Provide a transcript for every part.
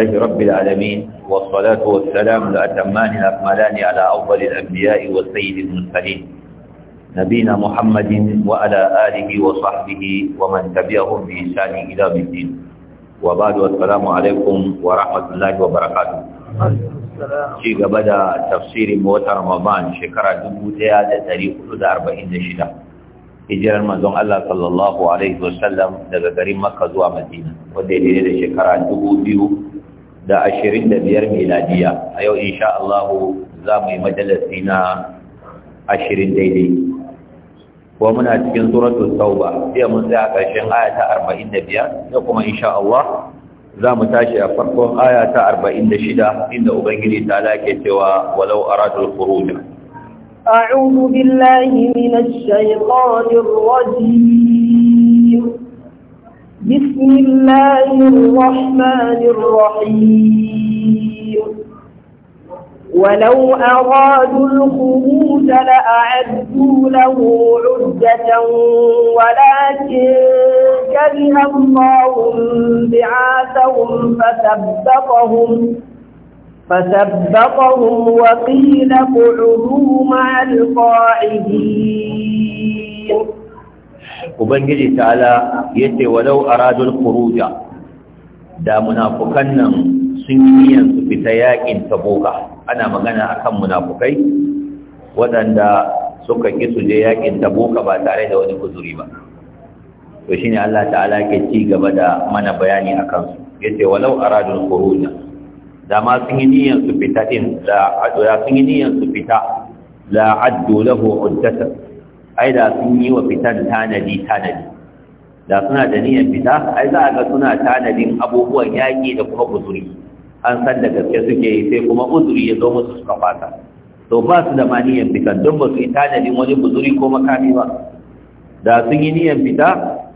لله رب العالمين والصلاة والسلام الأتمان الأكملان على أفضل الأنبياء والسيد المرسلين نبينا محمد وعلى آله وصحبه ومن تبعهم بإحسان إلى الدين وبعد السلام عليكم ورحمة الله وبركاته ci gaba da tafsirin watan Ramadan shekara 1446 hijirar manzon Allah sallallahu alaihi wasallam daga garin Makka zuwa Madina wanda ya da shekara 2000 da ashirin da biyar miladiya a yau insha Allah za mu yi majalasi na ashirin daidai kuma muna cikin suratul tauba sai mun tsaya ƙarshen aya ta arba'in da biyar yau kuma insha Allah za mu tashi a farkon aya ta arba'in da shida inda ubangiji ta lake cewa walau aradul khuruj أعوذ بالله من الشيطان الرجيم بسم الله الرحمن الرحيم ولو أرادوا الخروج لأعدوا له عدة ولكن كره الله انبعاثهم فثبطهم فثبطهم وقيل اقعدوا مع القاعدين ubangiji ta'ala yace walau aradul khuruja da munafukan nan sun yi su fita yakin taboka ana magana akan munafukai waɗanda suka ki su je yakin taboka ba tare da wani kuzuri ba to shine Allah ta'ala ke ci gaba da mana bayani akan su yace walau aradul khuruja da ma sun yi niyyar su fita din da ya sun yi niyyar su fita la addu lahu uddatan ai da sun yi wa fitan tanadi tanadi da suna da niyyar fita ai za a ga suna tanadin abubuwan yaƙi da kuma uzuri an san da gaske suke yi sai kuma uzuri ya zo musu suka fata to ba su da ma fita don ba su yi tanadin wani uzuri ko makami ba da sun yi niyyar fita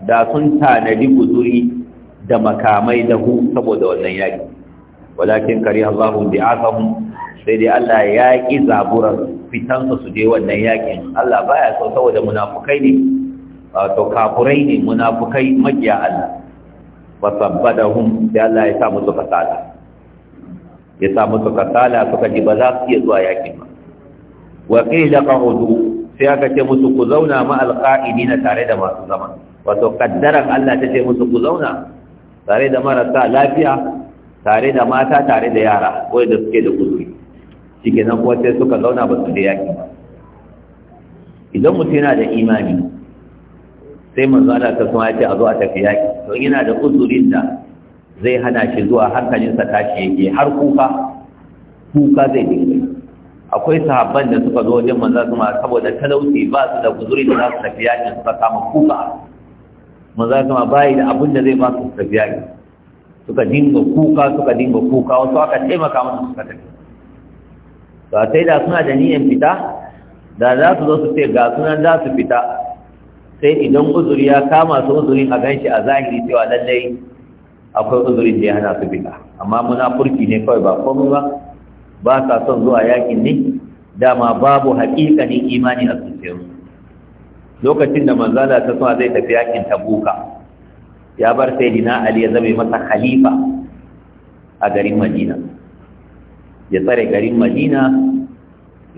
da sun tanadi kuzuri da makamai da hu saboda wannan yaƙi walakin kari Allahu bi'athahum sai dai Allah ya ki zaburar fitan su je wannan yakin Allah baya so saboda munafukai ne wato kafurai ne munafukai magiya Allah wa sabbadahum sai Allah ya sa musu kasala ya sa musu kasala suka ji ba za su iya zuwa yakin ba wa qila qa'udu sai aka ce musu ku zauna ma alqa'idina tare da masu zaman wato kaddara Allah ta ce musu ku zauna tare da marasa lafiya tare da mata tare da yara da suke da kuzuri shi nan kuma sai suka zauna ba su da yaƙi ba idan mutum yana da imani sai manzo Allah ta kuma ce a zo a tafi yaƙi to yana da uzurin da zai hana shi zuwa hankalinsa tashi yake har kuka kuka zai dinga akwai sahabban da suka zo wajen manzo kuma saboda talauci ba su da uzurin da za su tafi yaƙi suka kama kuka manzo kuma bai da abin da zai ba su tafi yaƙi suka dinga kuka suka dinga kuka wasu aka taimaka musu suka tafi to a sai da suna da niyan fita da za su zo su ce ga sunan za su fita sai idan uzuri ya kama su uzuri a ganshi a zahiri cewa lallai akwai uzurin da ya hana su fita amma furki ne kawai ba komai ba ba sa son zuwa yakin ne dama babu haƙiƙanin imani a sun lokacin da manzala ta suna zai tafi yakin tabuka ya bar sayyidina ali ya zame masa khalifa a garin madina ya tsare garin madina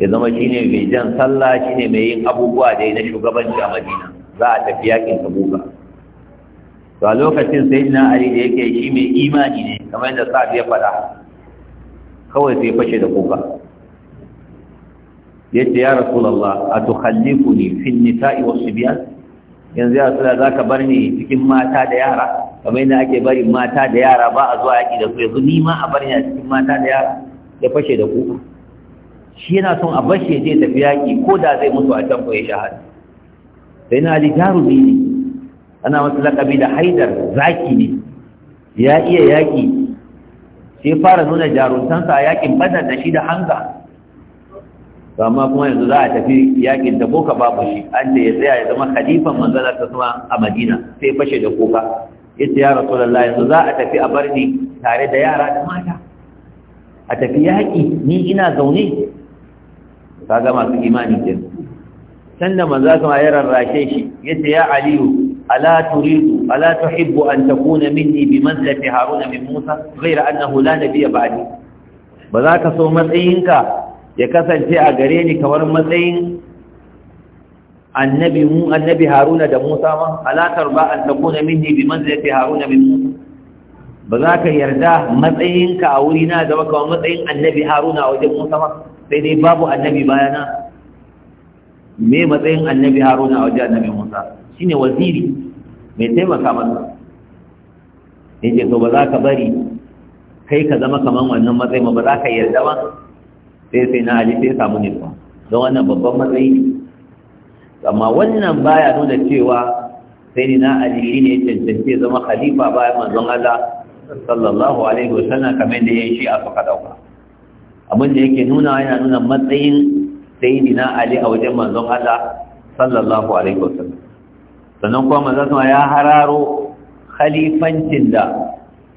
ya zama shine mai jan sallah shine mai yin abubuwa da na shugabanci a madina za a tafi yakin tabuka to a lokacin sayyidina ali da yake shi mai imani ne kamar yadda sa ya faɗa kawai sai fashe da kuka Yadda ya rasulullah atukhallifu ni fi nisa'i was-sibyan yanzu ya tsira za ka bar ni cikin mata da yara kamar yadda ake bari mata da yara ba a zuwa yaƙi da su yanzu ni ma a bar ni a cikin mata da yara ya fashe da ku. shi yana son a bashe ya tafi yaƙi ko da zai mutu a can ko ya shahada sai na ji jarumi ne ana masa laƙabi da haidar zaki ne ya iya yaƙi sai fara nuna jaruntansa a yaƙin badar da shi da hanga to amma kuma yanzu za a tafi yakin da boka babu shi an da ya tsaya ya zama khalifan manzala ta zama a madina sai fashe da kuka yace ya rasulullahi yanzu za a tafi a barni tare da yara da mata a tafi yaƙi ni ina zaune ga masu imani ke da manzo kuma ya rarrashe shi yace ya aliyu ala turidu ala tuhibbu an takuna minni bi manzilati haruna min musa ghayra annahu la nabiyya ba'di ba za ka so matsayinka ya kasance a gare ni kamar matsayin annabi mu annabi haruna da musa ma alatar ba an takuna minni bi manzilati haruna min musa ba za ka yarda matsayinka a wuri na zama kamar matsayin annabi haruna a wajen musa ma sai dai babu annabi bayana me matsayin annabi haruna a wajen annabi musa shine waziri mai taimaka masa yake to ba za ka bari kai ka zama kamar wannan matsayin ba za ka yarda ba sai sai na ali sai samu ba don wannan babban matsayi ne amma wannan baya nuna cewa sai ni na ali shi ne cancanci zama khalifa bayan manzon Allah sallallahu alaihi wa sallam kamar da yayin shi a faka dauka abin da yake nuna yana nuna matsayin sai ni na ali a wajen manzon Allah sallallahu alaihi wa sallam sannan kuma manzon ya hararo khalifancin da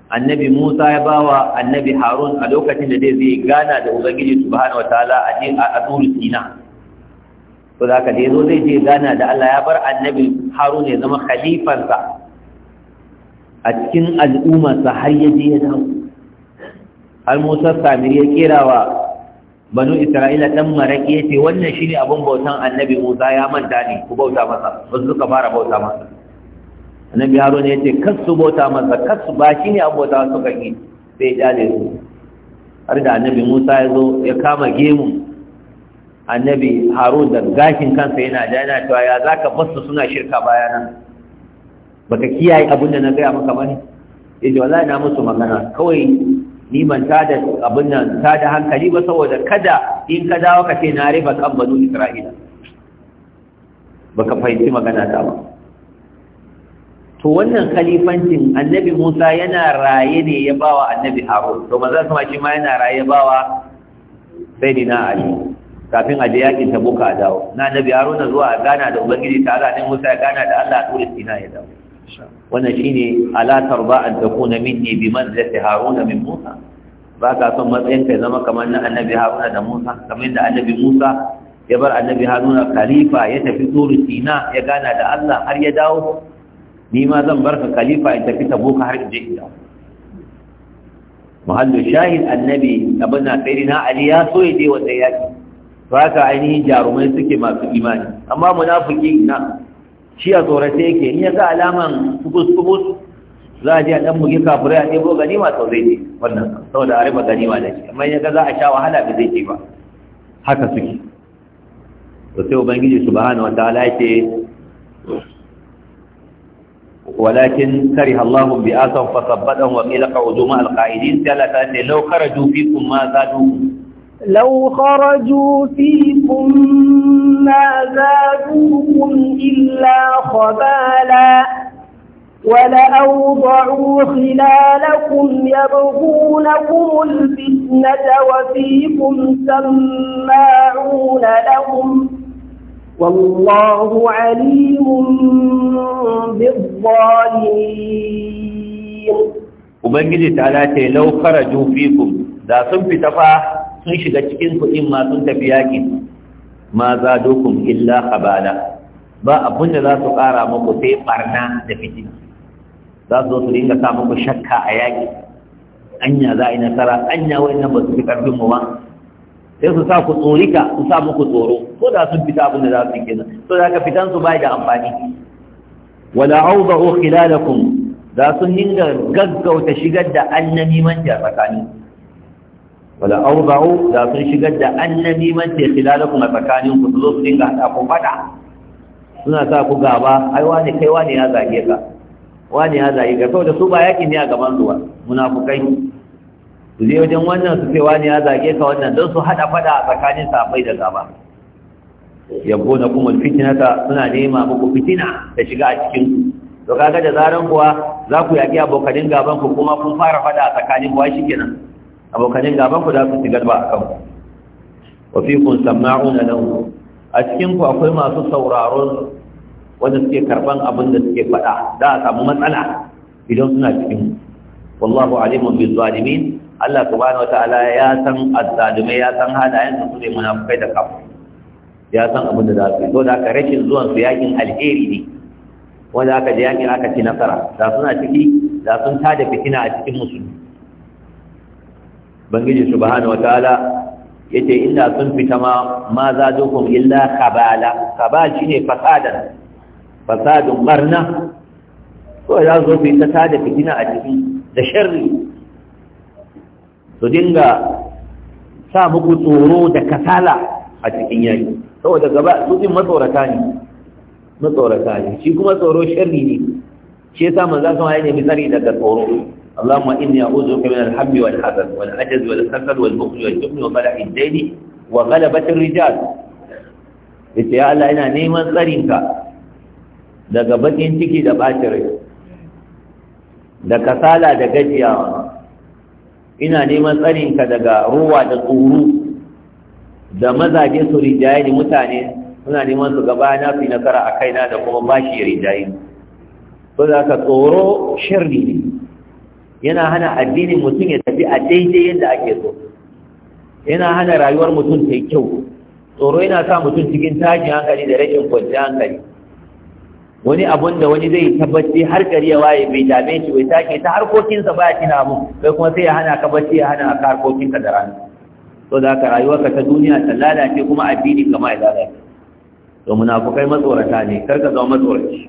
annabi Musa ya bawa annabi Harun a lokacin da zai zai gana da Ubangiji subhanahu ta'ala a cikin a Sina to da ka dai zai je gana da Allah ya bar annabi Harun ya zama khalifansa a cikin al'umma sa har ya je ya dawo har Musa Samiri ya kirawa wa Banu Isra'ila dan marake yace wannan shine abun bautan annabi Musa ya manta ne ku bauta masa wasu suka fara bauta masa annabi Haruna ya ce, kasu su bota masa kasu ba shi ne abota su kake sai ya su har da annabi Musa ya zo ya kama gemu annabi Harun da gashin kansa yana da yana cewa ya zaka basu suna shirka bayana baka kiyaye abin da na gaya maka bane yace wallahi na musu magana kawai ni ban da abin nan da hankali ba saboda kada in ka dawo ka ce na riba kan banu Isra'ila baka fahimci magana ta ba to wannan khalifancin annabi Musa yana raye ne ya bawa annabi Harun to manzo sama shi ma yana raye bawa sayyidina Ali kafin a je yakin Tabuk a dawo na annabi Harun zuwa gana da ubangiji ta Allah ne Musa ya gana da Allah a Sina ya dawo wannan shine ala tarba an takuna minni bi manzilati Harun min Musa ba ka son matsayin kai zama kamar na annabi Harun da Musa kamar yadda annabi Musa ya bar annabi Harun khalifa ya tafi Turu Sina ya gana da Allah har ya dawo ni ma zan barka khalifa in tafi tabuka har in je in muhallu shahid annabi abin na sai na ali ya so ya je wanda yaki to haka ainihin jarumai suke masu imani amma munafiki na shi a tsorace yake in ya ga alaman kubus kubus za a je a dan muke kafirai a ɗebo ganima sau zai je wannan saboda a riba ganima da shi amma in ya ga za a sha wahala ba zai je ba haka suke to sai ubangiji subhanahu ya yake ولكن كره الله بآثهم فثبتهم وقيل قعدوا مع القاعدين ثلاثة لو خرجوا فيكم ما زادوكم لو خرجوا فيكم ما زادوكم إلا خبالا ولأوضعوا خلالكم يبغونكم الفتنة وفيكم سماعون لهم والله عليم بالظالمين ubangiji ta late law kharaju fikum da sun fita fa sun shiga cikin kuɗin ma sun tafi yaki ma zadukum illa khabala ba abun da za su ƙara muku sai barna da fitina za su su dinga sa muku shakka a yaƙi anya za a yi nasara anya wayannan ba su fi ƙarfin mu ba sai su sa ku tsori ka su sa muku tsoro ko da sun fita abin da za su kenan to da ka fitan su bai da amfani wala u khilalakum da sun dinga gaggauta shigar da annabi man ja tsakani wala u da sun shigar da annabi man ta khilalakum tsakanin ku zo su dinga hada ku fada suna sa ku gaba ai wani kai wani ya zage ka wani ya zage ka saboda su ba yakin ne a gaban zuwa munafukai su je wajen wannan su cewa ne ya zage ka wannan don su haɗa faɗa a tsakanin safai da gaba yabo na kuma fitinata suna nema muku fitina da shiga a cikin to kaga da zaran kuwa za ku yaƙi abokanin gaban ku kuma kun fara faɗa a tsakanin kuwa shi kenan abokanin gaban ku za su shigar ba a kan wa fi kun na lahu a cikin ku akwai masu sauraron wanda suke karban abin da suke faɗa za a samu matsala idan suna cikin wallahu alimun bil zalimin Allah subhanahu wataala ya san azzalumai ya san halayen su ne munafukai da kafu ya san abin da za su yi to da aka rashin zuwan su yakin alheri ne wanda aka je yakin aka ci nasara da suna ciki da sun tada fitina a cikin musulmi bangiji subhanahu wataala yace inna sun fita ma ma za dukum illa khabala khabal shine fasadan fasadun barna ko ya zo fita ta da fitina a cikin da sharri su dinga sa muku tsoro da kasala a cikin yayi saboda gaba su din matsorata ne matsorata ne shi kuma tsoro sharri ne shi yasa manzo kuma ya nemi tsari daga tsoro Allahumma inni a'udhu bika min al-hammi wal hazan wal ajaz wal kasal wal bukhli wal jubn wa bala'i daini wa ghalabati ar-rijal yace ya Allah ina neman tsarinka daga bakin ciki da bacin rai da kasala da gajiyawa ina neman tsarinka daga ruwa da tsoro da mazaje su rijaye ni mutane suna neman su gaba na fi nasara a kaina da kuma bashi ya rijaye so da ka tsoro shirri ne yana hana addinin mutum ya tafi a daidai yadda ake so yana hana rayuwar mutum ta yi kyau tsoro yana sa mutum cikin tashin hankali da rashin kwanciyar hankali wani abun da wani zai tabbaci har gari ya waye bai dame shi bai sake ta harkokinsa baya tina mu kai kuma sai ya hana ka bacci ya hana ka harkokinka da rana to da rayuwa ka ta duniya ta lalace kuma addini kama ya lalace to munafukai matsorata ne kar ka zama matsoraci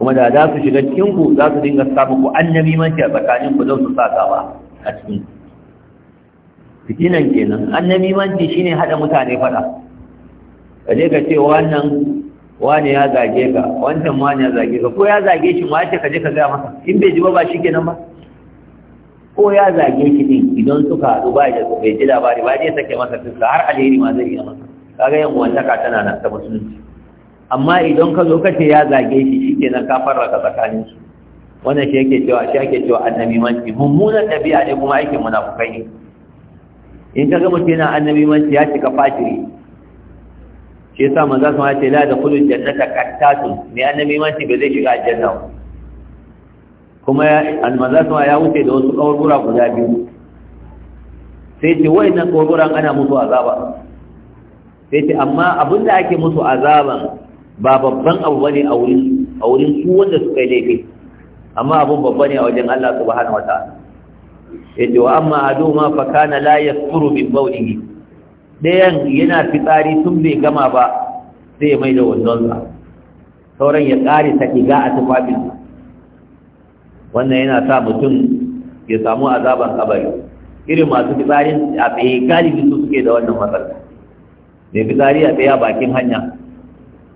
kuma da za su shiga cikin ku za su dinga samu ku annabi manci a tsakanin ku zan su sa ba a cikin ku fitinan kenan annabi manci shine hada mutane fada kaje ka ce wannan wani ya zage ka wancan wani ya zage ka ko ya zage shi ma ka je ka gaya masa in bai ji ba ba shikenan ba ko ya zage shi din idan suka haɗu ba ya bai ji labari ba zai sake masa fuska har alheri ma zai iya masa kaga yan wantaka tana nan ta musulunci amma idan ka zo ka ce ya zage shi shikenan ka ka tsakanin su wannan shi yake cewa shi yake cewa annabi manci mummunan ɗabi'a ne kuma aikin munafukai in ka ga mutum yana annabi manci ya cika fajiri. shi yasa manzo kuma ce la dakhulul jannata qattatun mai annabi ma ce ba zai shiga aljanna kuma almanzo ma ya wuce da wasu kaburbura guda biyu sai ce wayannan kaburburan ana musu azaba sai ce amma abinda ake musu azaban ba babban abu bane a wurin a wurin su wanda suka yi laifi amma abun babba ne a wajen Allah subhanahu wataala yace wa amma aduma fa kana la yasfuru min bawlihi ɗayan yana fitsari tun bai gama ba zai mai da wanzonsa, sauran ya ƙare ta ɗiga a tufafin wannan yana sa mutum ya samu azaban kabari irin masu fitsarin a tsaye galibi su suke da wannan matsala mai fitsari a tsaye a bakin hanya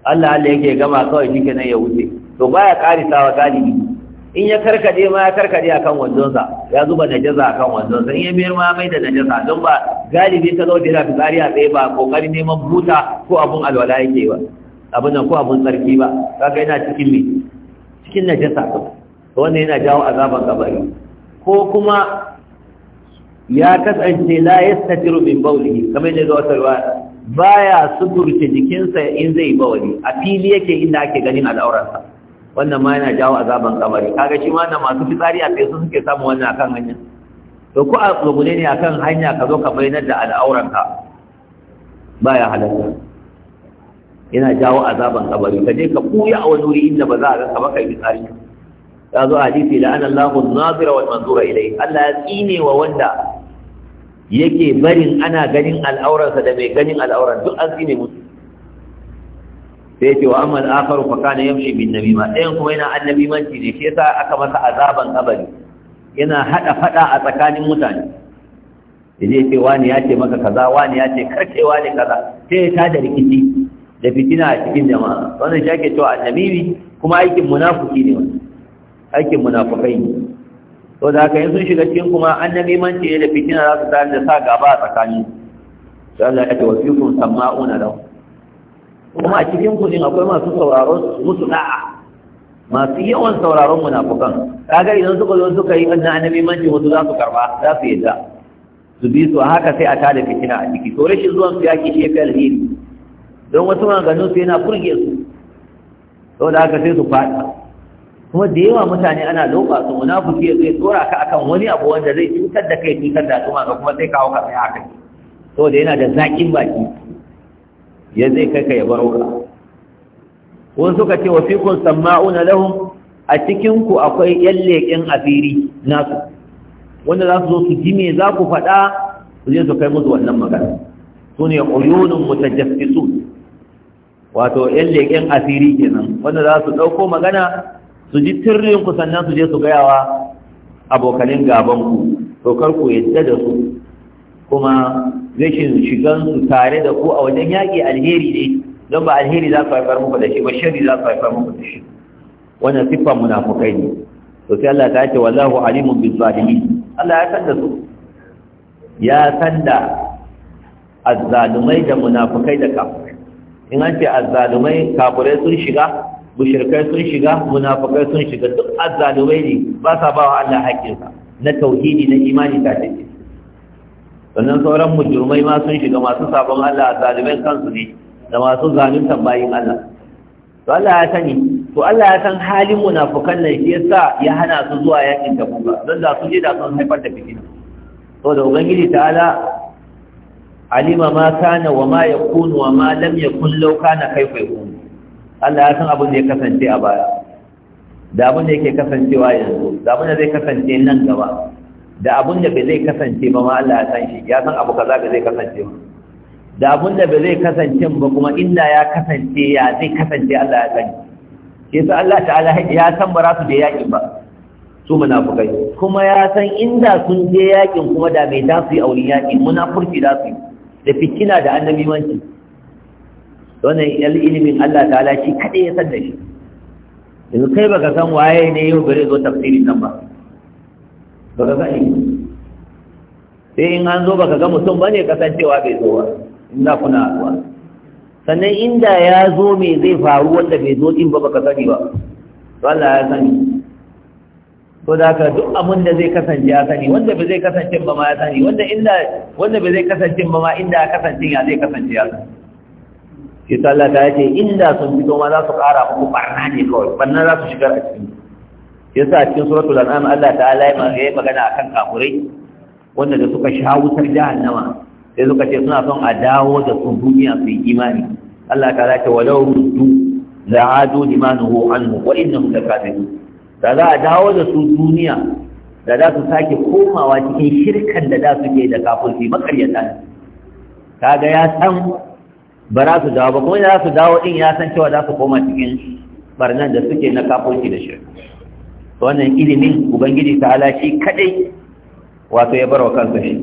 Allah Allah yake gama kawai shi kenan ya wuce to baya ƙarisawa galibi in ya karkade ma ya karkade akan wanzonsa ya zuba najasa akan wanzonsa in ya mayar ma mai da najasa don ba galibi ta zaune da yana fitsari a tsaye ba kokarin neman buta ko abun alwala yake ba abin da ko abun tsarki ba kaga yana cikin me cikin najasa ko wannan yana jawo azaban kabari ko kuma ya kasance la yastatiru min bawlihi kamar yadda wata ruwa baya suturce jikinsa in zai bawli a fili yake inda ake ganin al'aurarsa wannan ma yana jawo azaban kamari kaga shi ma masu fitsari a tsaye su suke samun wannan akan hanya to ko a tsogune ne akan hanya ka zo ka bayyana da al'auranka baya halatta yana jawo azaban kabari ka je ka kuya a wani wuri inda ba za a ganka ba kai fitsari ya zo a hadisi la ana Allahu nazira wal manzura ilai Allah ya tsine wa wanda yake barin ana ganin al'auransa da mai ganin al'auran duk an tsine musu sai ce wa amman akharu fa kana yamshi bin namima ɗayan kuma yana annabi annabimanci ne shi yasa aka masa azaban abari. yana hada fada a tsakanin mutane yaje ce wani ya ce maka kaza wani ya ce karke wani kaza sai ta da rikici da fitina a cikin jama'a wannan shi ake cewa ne kuma aikin munafuki ne wani aikin munafukai ne to da haka yanzu shiga cikin kuma annabimanci ne da fitina za su tare da sa gaba a tsakanin sai Allah ya ce tawafiqum samma'una lahu kuma a cikin kudin akwai masu sauraron musu da'a masu yawan sauraron munafukan kaga idan suka zo suka yi annan annabi manci wasu za su karba za su yadda su bi su haka sai a tada fitina a ciki to rashin zuwan su shi shefi alheri don wasu ganin su yana kurge su saboda haka sai su faɗa kuma da yawa mutane ana loba su munafiki ya zai tsora ka akan wani abu wanda zai cutar da kai cutar da su ma kuma sai kawo ka tsaya kai to da yana da zakin baki ya zai kai ka ya baro ka ko suka ce wa fikun sama'una lahum a cikin ku akwai yan leƙen asiri nasu wanda za su zo su ji me za ku faɗa su je su kai musu wannan magana su ne uyunun mutajaffisu wato yan leƙen asiri kenan wanda za su ɗauko magana su ji tirrin ku sannan su je su gayawa abokanin gaban ku to kar ku yadda da su kuma rashin shigansu tare da ku a wajen yaƙi alheri ne don ba alheri za su haifar muku da shi ba shari za su haifar muku da shi wannan siffar munafukai ne to sai Allah ta ce wallahu alimun bil zalimin Allah ya san da su ya san da azzalumai da munafukai da kafirai in an ce azzalumai kafirai sun shiga mushrikai sun shiga munafukai sun shiga duk azzalumai ne ba sa ba wa Allah haƙƙinsa na tauhidi na imani ta tafi sannan sauran mujurmai ma sun shiga masu sabon Allah a zalimai kansu ne da masu zalunta tambayin Allah to Allah ya sani to Allah ya san halin munafukan nan shi yasa ya hana su zuwa yakin da kuma don da su je da sun haifar da fitina to da ubangiji ta'ala alima ma kana wa ma yakunu wa ma lam yakun law kana kaifa yakun Allah ya san abin da ya kasance a baya da abin da yake kasancewa yanzu da abin da zai kasance nan gaba da abun da bai zai kasance ba ma Allah ya san shi ya san abu kaza ba zai kasance ba da abun da bai zai kasance ba kuma inda ya kasance ya zai kasance Allah ya san shi sai Allah ta'ala ya san ba su da yakin ba su munafukai kuma ya san inda sun je yakin kuma da mai za su yi auren yakin munafurci za su yi da fitina da annabi manci wannan ilimin Allah ta'ala shi kaɗai ya san da shi yanzu kai baka san waye ne yau gare zo tafsirin nan ba ba ka sani sai in an zo baka ga mutum bane kasancewa bai zo ba inda kuna zuwa. sannan inda ya zo me zai faru wanda bai zo din ba baka sani ba Allah ya sani to da ka duk abin da zai kasance ya sani wanda bai zai kasance ba ma ya sani wanda inda wanda bai zai kasance ba ma inda ya kasance ya zai kasance ya sani shi Allah ta yace inda sun fito ma za su ƙara muku barna ne kawai barna za su shigar a cikin yasa sa cikin suratul an'am Allah ta'ala ya magana akan kafurai wanda da suka sha wutar jahannama sai suka ce suna son a dawo da su duniya su yi imani Allah ta'ala ta walau ruddu la'adu limanuhu anhu wa innahum lakafirun da za a dawo da su duniya da za su sake komawa cikin shirkan da za su ke da kafirci makaryata kaga ya san ba za su dawo ba kuma za su dawo din ya san cewa za su koma cikin barnan da suke na kafirci da shirka wannan ilimin ubangiji ta ala shi kadai wato ya barwa kansa shi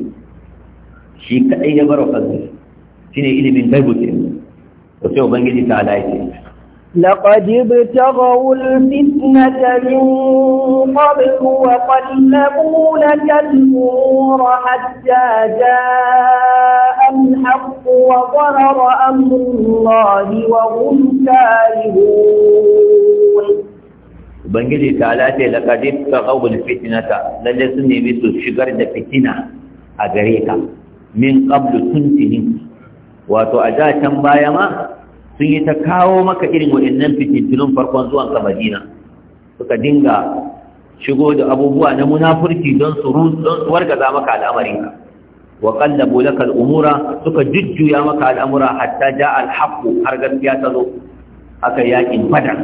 shi kadai ya barwa kansa shi ne ilimin gaibu ce to sai ubangiji ta ala yake لقد ابتغوا الفتنة من قبل وقلبوا لك الأمور حتى جاء الحق وظهر أمر الله وهم كارهون ubangiji ta lati ta taqawul fitinata, lalle sun nemi su shigar da fitina a gare ka min qablu tuntini wato a da can baya ma sun yi ta kawo maka irin waɗannan fitintunun farkon zuwan ka Madina suka dinga shigo da abubuwa na munafurci don su wargaza maka ka, wa qallabu laka al'umura suka jujjuya maka al'amura hatta ja al har gaskiya ta zo aka yakin fada.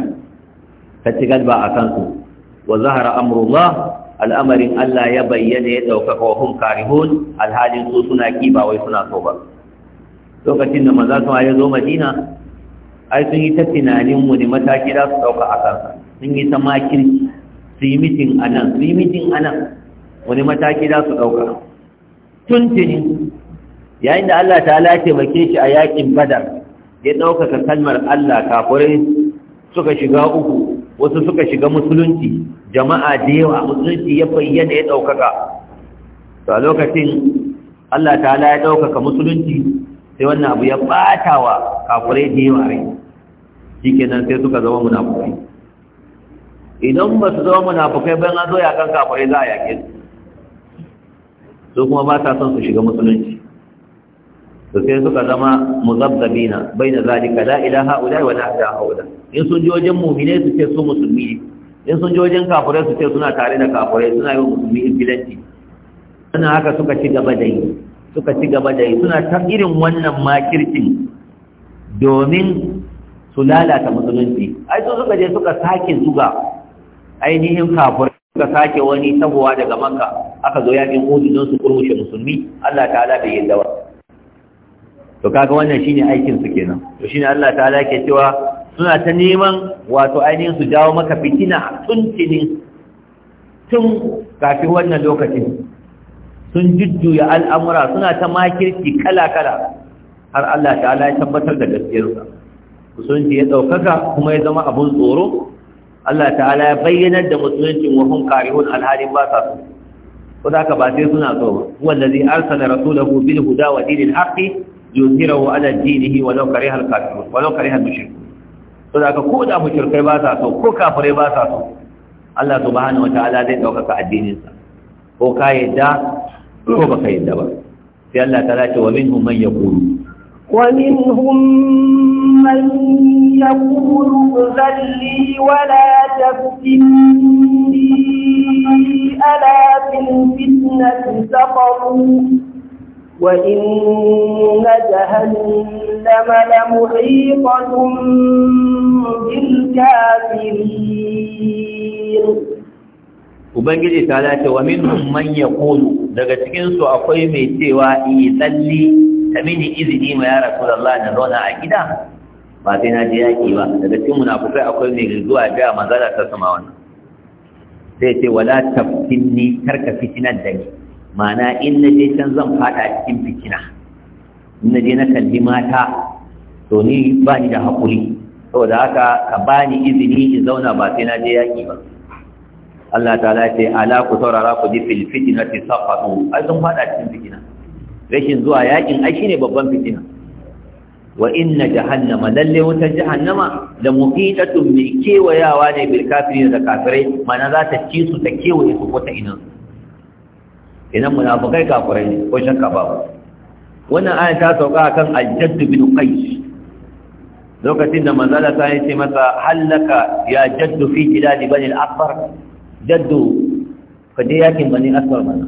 ka ci galba a kansu wa zahara amrullah al'amarin Allah ya bayyana ya ɗaukaka wa hun karihun alhalin su suna kiba wai suna so ba lokacin da maza su ya zo madina ai sun yi ta tunanin mu ne mataki za su ɗauka a kansa sun yi ta makirki su yi mitin a nan su yi mitin a nan wani mataki za su ɗauka tuntuni yayin da Allah ta ala taimake shi a yakin badar ya ɗaukaka kalmar Allah kafurai suka shiga uku wasu suka shiga musulunci jama'a da yawa musulunci ya bayyana ya ɗaukaka to a lokacin Allah ta'ala ya ɗaukaka musulunci sai wannan abu ya ɓata wa da yawa rai shi kenan sai suka zama munafukai idan ba su zama munafukai bayan an zo kan kafure za a yake su kuma ba sa son su shiga musulunci to sai suka zama muzabbabina na. zalika la ilaha illa wa la ilaha illa in sun ji wajen mu'mine su ce su musulmi in sun ji wajen kafirai su ce suna tare da kafirai suna yi wa in filanci. sannan haka suka ci gaba da yi suka ci gaba da yi suna ta irin wannan makircin domin su lalata musulunci ai su suka je suka sake zuga ainihin kafirai suka sake wani tahowa daga makka aka zo yakin hudu don su kurmushe musulmi Allah ta'ala bai yi dawa. to kaga wannan shine aikin su kenan to shine Allah ta'ala ke cewa suna ta neman wato ainihin su jawo maka fitina tuntini tun kafin wannan lokacin sun jujjuya al'amura suna ta makirki kala-kala har Allah ta'ala ya tabbatar da gaskiyarsa musulunci ya ɗaukaka kuma ya zama abun tsoro Allah ta'ala ya bayyanar da musuluncin wahun karihun alhalin ba sa su ko za ka ba sai suna tsoro wanda zai arsala rasulahu bil huda wa dinil haqqi yuzhirahu ala dinihi walau kariha al-kafirun walau kariha al-mushrikun to da ko da mushrikai ba sa so ko kafirai ba sa so Allah subhanahu wataala zai daukaka addinin sa ko ka yadda ko baka yadda ba sai Allah ta lace wa minhum man yaqulu wa minhum man yaqulu zalli wa la taftinni ala fil fitnati saqamu وإن جهنم لمحيطة بالكافرين Ubangiji ta dace wa minhum man yaqulu daga cikin su akwai mai cewa i tsalli ta mini izini ma ya Rasulullah na zauna a gida ba sai na je yaki ba daga cikin munafukai akwai mai zuwa ga manzala ta sama wannan sai ce wala tafkinni karka fitinar da ni ma'ana in na je can zan fada cikin fikina in na je na kalli mata to ni ba ni da haƙuri saboda haka ka ba ni izini in zauna ba sai na je yaƙi ba Allah Ta ta'ala ce ala ku saurara ku ji fil ti saqatu ai zan fada cikin fikina rashin zuwa yaƙin ai shine babban fitina wa inna jahannama lalle wutar jahannama da muhitatun mai kewayawa ne bil kafirin da kafirai mana za ta ci su ta kewaye su ko ta idan munafukai kafirai ne ko shakka ba wannan aya ta sauka akan al-jadd bin qais lokacin da manzala ta yi ce masa hallaka ya jadd fi jilal bin al-asfar jadd kaje yakin bani asfar mana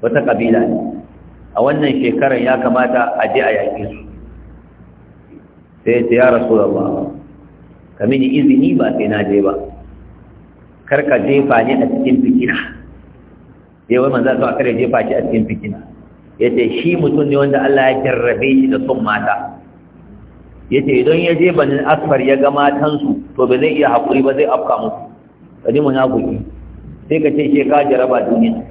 wata kabila ne a wannan shekarar ya kamata a je a yaƙi su sai ta ya rasulullah ka mini izini ba sai na je ba kar ka jefa ni a cikin fikira ya wai manzan zuwa kare jefa shi a cikin fitina ce shi mutum ne wanda Allah ya jarrabe shi da son mata Ya ce idan ya je banin asfar ya ga matansu to ba zai iya haƙuri ba zai afka musu kaji munafiki sai ka ce sheka jaraba duniya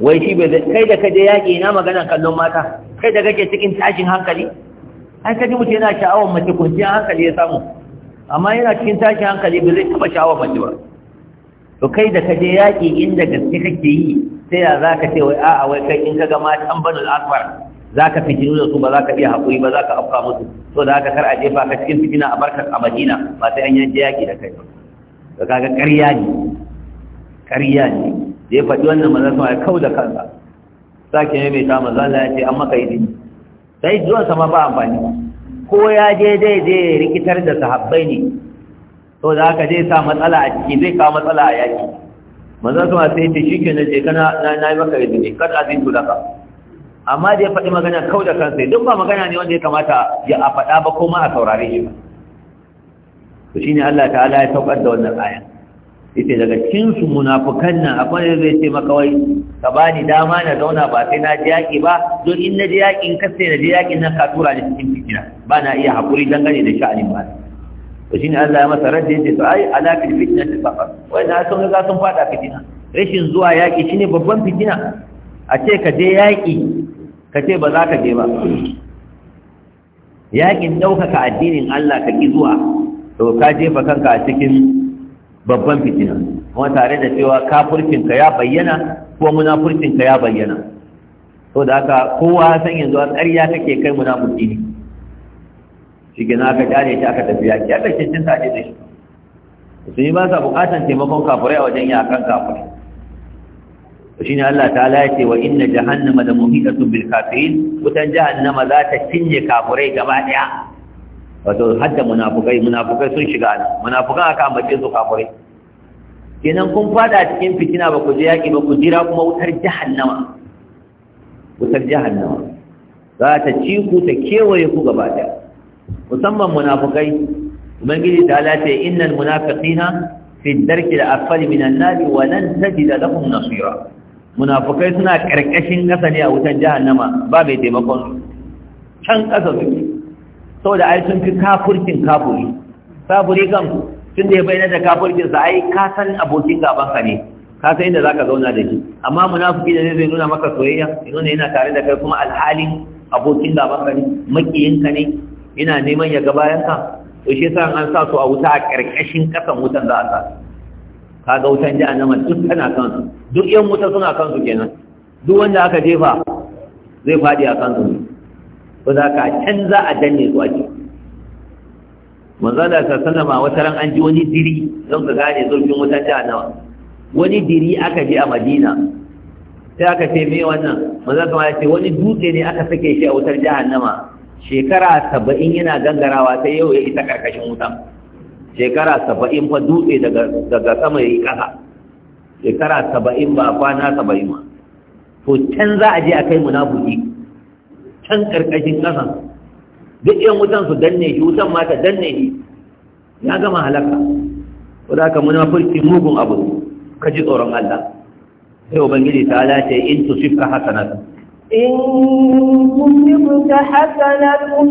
wai shi bai kai da kaje yaƙi na magana kallon mata kai da kake cikin tashin hankali ai ji mutum yana sha'awar mace kwanciyar hankali ya samu amma yana cikin tashin hankali ba zai taɓa sha'awar mace ba to kai da kaje yaƙi inda gaske kake yi sai ya zaka ce wai a'a wai kai in ka ga matan banul akbar za ka fitinu da su ba za ka iya haƙuri ba za ka afka musu to da haka kar a jefa ka cikin fitina a barkar a madina ba sai an yanke yaƙi da kai ba da kaga ƙarya ne ƙarya ne da ya faɗi wannan manzon sama ya kau da kansa sake maimaita manzon Allah ya ce an maka izini sai zuwansa ma ba amfani ko ya je daidai rikitar da sahabbai ne to da ka je sa matsala a ciki zai kawo matsala a yaki manzon ma sai ce shi kenan je kana na yi maka kada kad azintu laka amma da ya faɗi magana kau da kansa duk ba magana ne wanda ya kamata ya a faɗa ba ko ma a saurare shi ba to shine Allah ta'ala ya saukar da wannan aya yace daga cikin su munafikan nan akwai zai ce maka wai ka bani dama na zauna ba sai na ji yaki ba don in na ji yakin ka na ji yakin nan ka tura ni cikin fitina ba na iya hakuri dangane da sha'anin ba to shine Allah ya masa radda yace to ai ala fil fitnati faqat wai na sun ga sun fada fitina rashin zuwa yaki shine babban fitina a ce ka je yaki ka ce ba za ka je ba yakin daukaka addinin Allah ka ki zuwa to ka jefa kanka a cikin babban fitina kuma tare da cewa ka ya bayyana ko ka ya bayyana to da haka kowa san yanzu a ƙarya kake kai munafurci ne shi na aka kyale shi aka tafi yaki aka cincin sace da shi yi ba sa bukatan taimakon kafirai a wajen yakan kafirai shi ne Allah ta ce wa inna jahannama da muhidatun bil kafirin wutan jahannama za ta cinye kafirai gaba daya wato hadda munafukai munafukai sun shiga ana munafukan aka ambace su kafirai kenan kun fada cikin fitina ba ku je yaki ba ku jira kuma wutar jahannama wutar jahannama za ta ci ku ta kewaye ku gaba daya musamman munafukai ubangiji ta innan innal munafiqina fi darki da asfali minan nari wa lan tajida lahum nasira munafukai suna karkashin kasa ne a wutan jahannama ba mai taimakon can kasa su saboda ai sun fi kafurkin kafuri kafuri kan tun da ya bayyana da kafurkin sa ai ka san abokin gaban ka ne ka san inda zaka zauna da shi amma munafiki da zai nuna maka soyayya ya nuna yana tare da kai kuma alhalin abokin gaban ne makiyinka ne ina neman ya ga bayan ka to shi yasa an sa su a wuta a ƙarƙashin ƙasan wutan za a sa kaga wutan jahannama duk tana kansu duk yan wuta suna kansu kenan duk wanda aka jefa zai faɗi a kan su ko za ka can za a danne su a ciki manzo da sallama wata ran an ji wani diri don ka gane zurfin wutan jahannama wani diri aka je a Madina sai aka ce me wannan manzo kuma ya ce wani dutse ne aka sake shi a wutar jahannama shekara saba'in yana gangarawa sai yau ya isa karkashin wutan shekara saba'in fa dutse daga sama ya yi ƙasa shekara saba'in ba kwana saba'in ma to can za a je a kai munafuki can karkashin ƙasan duk yan wutan su danne shi wutan ma ta danne shi ya gama halaka ko da ka munafurci mugun abu ka ji tsoron Allah sai ubangiji ta lace in tusifka hasanatu إن تصبك حسنة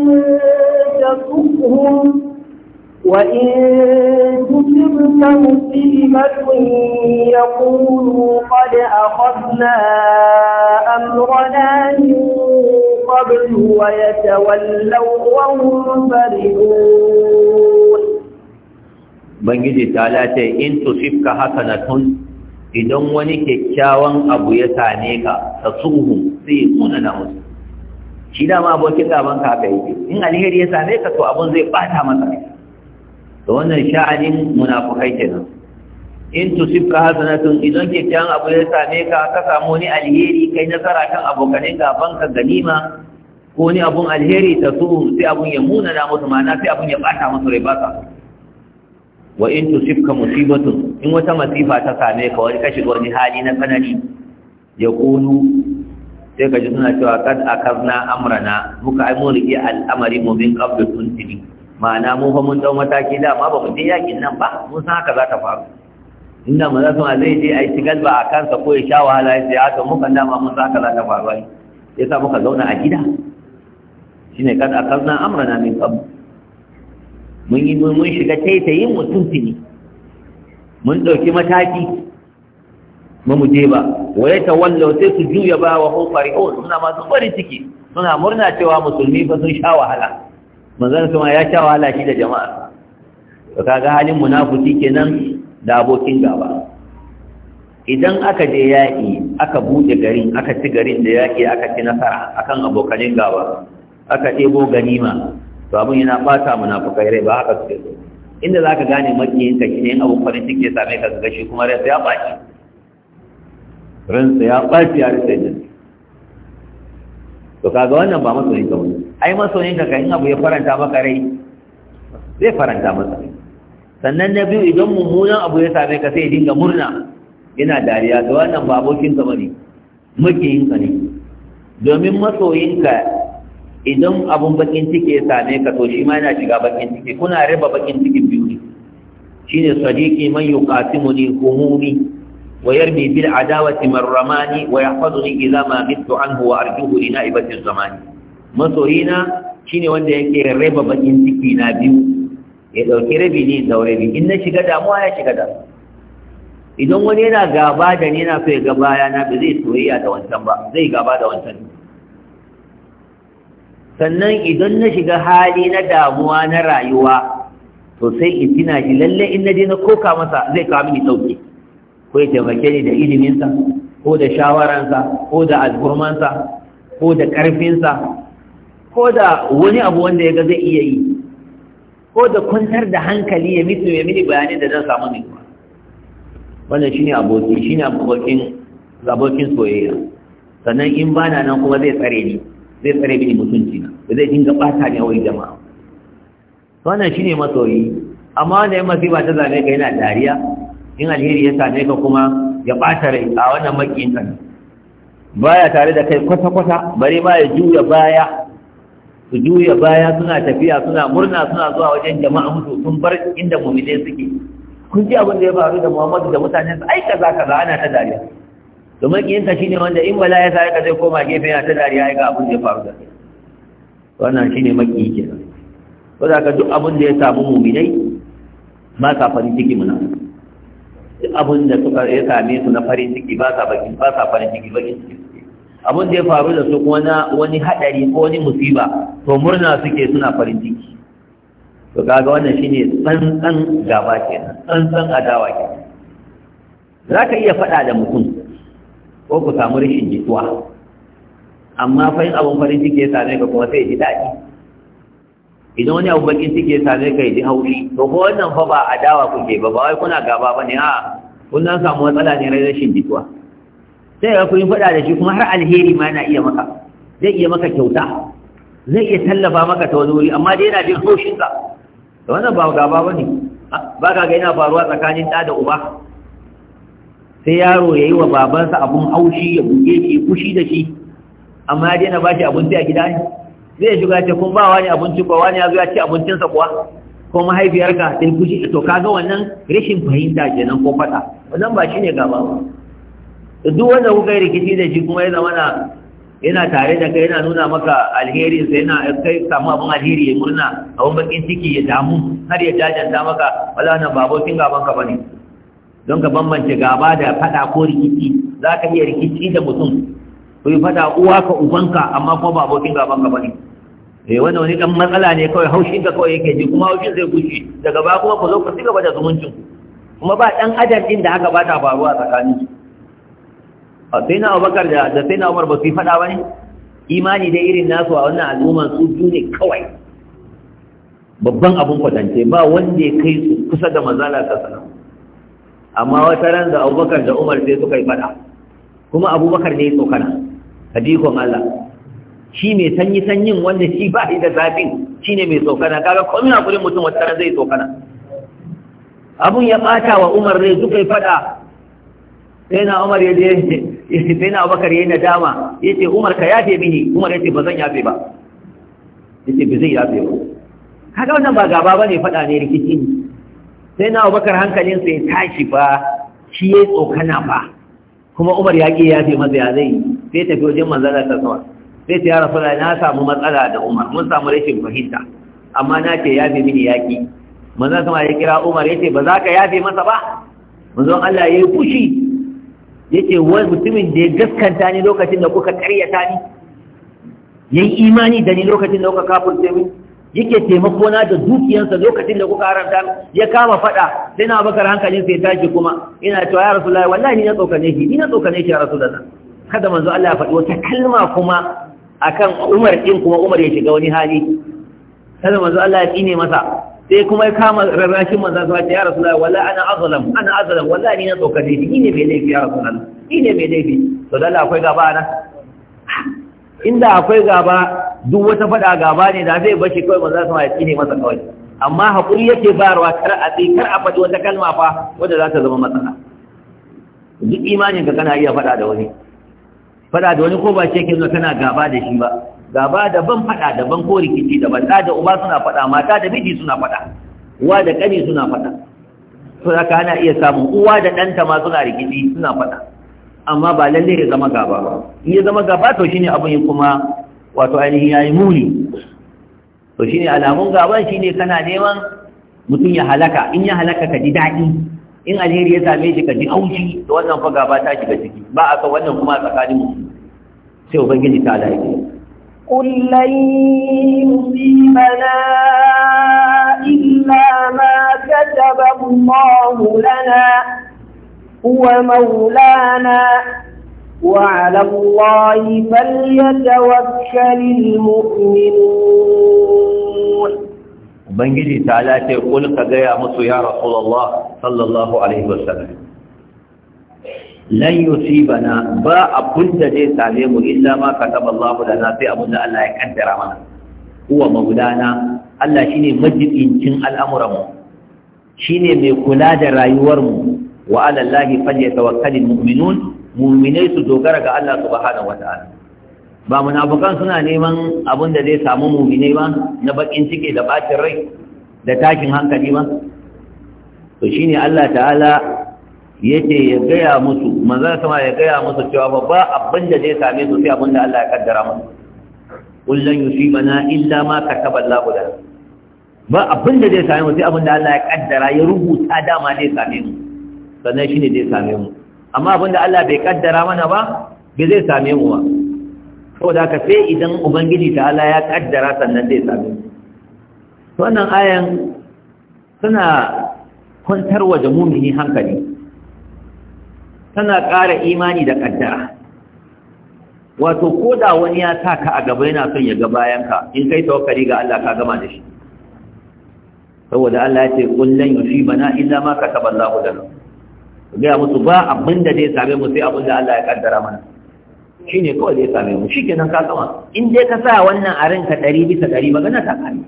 تصبهم وإن تصبك مصيبة يقولوا قد أخذنا أمرنا من قبل ويتولوا وهم فرحون بنجد تعالى إن تصبك حسنة idan wani kyakkyawan abu ya same ka ta suhu sai nuna na musu shi dama abokin gaban ka haka yake in alheri ya same ka to abun zai bata masa ne to wannan sha'anin munafukai kenan in na hasanatun idan kyakkyawan abu ya same ka ka samu wani alheri kai nasara kan abokanin gaban ka ganima ko ni abun alheri ta suhu sai abun ya muna na musu ma'ana sai abun ya bata musu rai ba wa in tusibka musibatun in wata masifa ta same ka wani kashi wani hali na tsanani ya kunu sai ka ji suna cewa kad akarna amrana muka ai mun riƙe al'amari mu bin qabdu tuntini ma'ana mu fa mun dau mataki da ma ba mu je yakin nan ba mun san haka za ta faru inda maza ma zai je ai tigal ba a kansa ko ya sha wahala ya sai haka muka ma mun san haka za ta faru ai yasa muka zauna a gida shine kad akarna amrana min qabdu mun yi mun shiga taitayin mutum tuni mun ɗauki mataki ba mu je ba waye ta wallo sai su juya ba wa hufari o suna masu farin ciki suna murna cewa musulmi fa sun sha wahala manzon kuma ya sha wahala shi da jama'a to kaga halin munafiki kenan da abokin gaba idan aka je yaƙi aka buɗe garin aka ci garin da yaƙi aka ci nasara akan abokanin gaba aka ɗebo ganima to abin yana bata munafukai rai ba haka suke so inda za ka gane makiyin ka shine abu farin ciki ya same ka gashi kuma ransa ya baci ransa ya baci ya rasa yin to kaga wannan ba masoyin ka wani ai masoyin ka in abu ya faranta maka rai zai faranta masa sannan na biyu idan mummunan abu ya same ka sai dinga murna yana dariya da wannan ba abokin ka bane ka ne domin masoyinka idan abun bakin ciki ya same ka to shi ma yana shiga bakin ciki kuna riba bakin ciki biyu ne Shi ne sadiki man yuqatimuni humumi wa yarmi bil adawati marramani wa yahfazuni idza ma mittu anhu wa arjuhu li naibati zamani Masoyina shi ne wanda yake riba bakin ciki na biyu ya dauki rabi ne da rabi in na shiga damuwa ya shiga da idan wani yana gaba da ni yana so ya ga baya na ba zai soyayya da wancan ba zai gaba da wancan ne sannan idan na shiga hali na damuwa na rayuwa to sai in tina shi lalle in na na koka masa zai kawo mini sauki ko ya taimake ni da iliminsa ko da shawaransa ko da alburmansa ko da ƙarfinsa ko da wani abu wanda ya ga zai iya yi ko da kwantar da hankali ya mito ya mini bayanin da zan samu nutsuwa wannan shine aboki shine abokin abokin soyayya sannan in bana nan kuma zai tsare ni zai tsare mini mutunci na ba zai dinga bata ne a wani jama'a wannan shine masoyi amma wanda ya ba ta zane ka yana dariya in alheri ya same ka kuma ya bata rai a wannan makiyin ka baya tare da kai kwata-kwata bare ba ya juya baya su juya baya suna tafiya suna murna suna zuwa wajen jama'a musu sun bar inda mumine suke kun ji abin da ya faru da Muhammadu da mutanen sa ai kaza kaza ana ta dariya to shi ne wanda in bala ya sai ka zai koma gefe yana ta dariya ya ga abin da ya faru da ke wannan shi shine makiyi nan ko za ka duk abin da ya samu mu'minai ba sa farin ciki muna duk abin da suka ya same su na farin ciki ba sa bakin ba sa farin ciki bakin ciki abin da ya faru da su kuma na wani hadari ko wani musiba to murna suke suna farin ciki to kaga wannan shine tsantsan gaba kenan tsantsan adawa kenan za ka iya faɗa da mutum ko ku samu rashin jituwa amma fa in abun farin ciki ya same ka kuma sai ya ji daɗi idan wani abin bakin ciki ya same ka ya ji haushi to ko wannan fa ba dawa kuke ba ba wai kuna gaba ba ne a kun na samu matsala ne rashin jituwa sai ga kuyi faɗa da shi kuma har alheri ma yana iya maka zai iya maka kyauta zai iya tallafa maka ta wani wuri amma dai yana jin haushinka da wannan ba gaba ba ne ba ka ga yana faruwa tsakanin ɗa da uba sai yaro ya yi wa babansa abun haushi ya buge shi kushi da shi amma ya daina bashi abinci a gida ne zai shiga ce kun ba wani abinci ko wani ya zo ya ci abincinsa kuwa ko mahaifiyarka sai kushi to kaga wannan rashin fahimta kenan ko fata wannan ba shi ne gaba ba duk wanda kuka yi rikici da shi kuma ya zama na yana tare da kai yana nuna maka alheri sai yana kai samu abin alheri ya murna abin bakin ciki ya damu har ya jajanta maka wala na babo kin gaban ka bane don ka bambance gaba da fada ko rikici za ka iya rikici da mutum ku yi fada uwa ka ubanka amma kuma ba abokin gaban ka bane eh wannan wani dan matsala ne kawai haushin ka kawai yake ji kuma haushin zai gushe daga ba kuma ku zo ku cigaba da zumuncin ku kuma ba dan adam din da haka ba ta faruwa tsakanin su sai na Abubakar da da sai na Umar ba su yi fada ne? imani da irin nasu a wannan al'umma su biyu ne kawai babban abun kwatance ba wanda ya kai su kusa da manzala sallallahu alaihi wasallam amma wata ran da abubakar da umar sai suka yi fada kuma abubakar ne ya tsokana jikon Allah shi mai sanyi sanyin wanda shi ba da zafi shi ne mai tsokana kaga komai na kudin mutum wata ran zai tsokana abun ya bata wa umar ne suka yi fada sai na umar ya je sai na abubakar ya yi nadama ya ce umar ka yafe mini umar ya ce ba zan yafe ba ya ce ba zai yafe ba kaga wannan ba gaba ba ne fada ne rikici ne sai na abubakar hankalinsa ya tashi ba shi ya tsokana ba kuma umar ya ya fi maza ya zai sai tafi wajen manzana ta sama sai ta yara suna na samu matsala da umar mun samu rashin fahimta amma na ce ya fi mini yaƙi manzan sama ya kira umar ya ce ba za ka ya fi masa ba manzon allah ya yi fushi ya ce wani mutumin da ya gaskanta ni lokacin da kuka karyata ni ya yi imani da ni lokacin da kuka kafurce mini yake taimako na da dukiyansa lokacin da kuka haranta ya kama fada sai na bakar hankalin sai tashi kuma ina cewa ya rasulullahi wallahi ni na tsokane shi ni na tsokane shi ya rasulullahi kada manzo Allah ya faɗi wata kalma kuma akan Umar din kuma Umar ya shiga wani hali kada manzo Allah ya tsine masa sai kuma ya kama rarrashin manzo sai ya rasulullahi wallahi ana azlam ana azlam wallahi ni na tsokane shi ni ne mai laifi ya rasulullahi ni ne mai laifi to dalla akwai gaba na inda akwai gaba duk wata faɗa gaba ne da zai bashi kawai maza sama ya tsine masa kawai amma haƙuri yake bayarwa kar a tsaye kar a faɗi wata kalma fa wadda za ta zama matsala duk imaninka ka kana iya faɗa da wani faɗa da wani ko ba ce ke kana gaba da shi ba gaba daban faɗa daban ko rikici daban ɗa da uba suna faɗa mata da miji suna faɗa uwa da ƙani suna faɗa to haka ana iya samun uwa da ɗanta ma suna rikici suna faɗa amma ba lalle ya zama gaba ba in ya zama gaba to shine abin kuma wato ainihin yayi muni to shine alamun gaban shine kana neman mutum ya halaka in ya halaka ka ji daɗi in alheri ya same shi ka ji auki to wannan fa gaba ta shiga ciki ba a ka wannan kuma tsakanin mu sai ubangiji ta lafiya قل لن يصيبنا إلا ما كتب الله لنا هو مولانا وعلى الله فليتوكل المؤمنون ubangiji ta lace kul ka gaya musu ya rasulullah sallallahu alaihi wasallam lan yusibana ba abin da zai same mu illa ma taɓa Allah na sai abin da Allah ya kaddara mana huwa maulana Allah shi ne majibincin al'amuranmu, shi ne mai kula da rayuwarmu. wa ala allahi falyatawakkalul mu'minun mu'minai su dogara ga Allah subhanahu wata'ala ba munafukan suna neman abin da zai samu mu'minai ba na bakin ciki da bacin rai da takin hankali ba to shine Allah ta'ala yace ya gaya musu manzo sama ya gaya musu cewa babba abin da zai same su sai abin da Allah ya kaddara musu qul lan yusibana illa ma kataba Allahu lana ba abin da zai same mu sai abin da Allah ya kaddara ya rubuta dama zai same mu sannan shi ne zai same mu amma abinda Allah bai kaddara mana ba bai zai same mu ba saboda haka sai idan ubangiji ta Allah ya kaddara sannan zai same mu wannan ayan tana kwantar da mumini hankali tana ƙara imani da kaddara wato ko da wani ya sa ka a gaba yana son ya ga bayanka in kai tawakkali ga Allah ka gama da shi saboda Allah ya ce kullun yushibana illa ma kataballahu lahu lana gaya musu ba abin da zai same mu sai abin da Allah ya kaddara mana shi ne kawai zai same mu shi ke ka kama in dai ka sa wannan a ranka ɗari bisa ɗari magana ta kare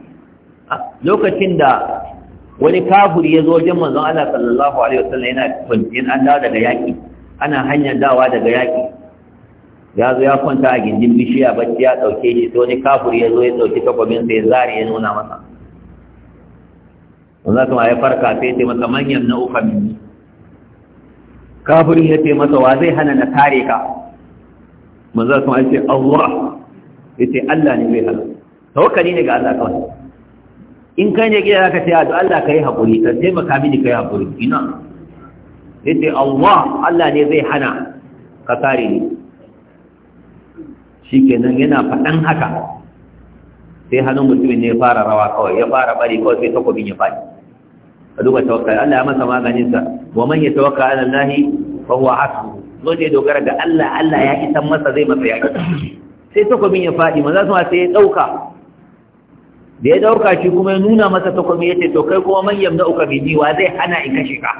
lokacin da wani kafuri ya zo wajen manzon Allah sallallahu alaihi wasallam yana kwanciyar an dawo daga yaƙi ana hanyar dawa daga yaƙi ya zo ya kwanta a gindin bishiya bacci ya ɗauke shi sai wani kafuri ya zo ya ɗauki takwabin sai zare ya nuna masa wanda kuma ya farka sai ce masa manyan na'ukan. minni kafirin ya ce masa wa zai hana na tare ka Maza kuma ya ce Allah ya ce Allah ne zai hana tawakkali ne ga Allah kawai in kai ne gida ka ce a Allah ka haƙuri hakuri ka maka mini ka yi hakuri ina ce Allah Allah ne zai hana ka kare ni shikenan yana faɗan haka sai hannun mutumin ne ya fara rawa kawai ya fara bari kawai sai takobin ya faɗi ka duba tawakkali Allah ya masa maganin sa wa man yatawakka ala Allah fa huwa hasbu wanda ya dogara ga Allah Allah ya isan masa zai masa yaki sai takobin ya fadi manzo sama sai ya dauka da ya dauka shi kuma ya nuna masa takobi yace to kai kuma man yamna uka bi wa zai hana in kashe ka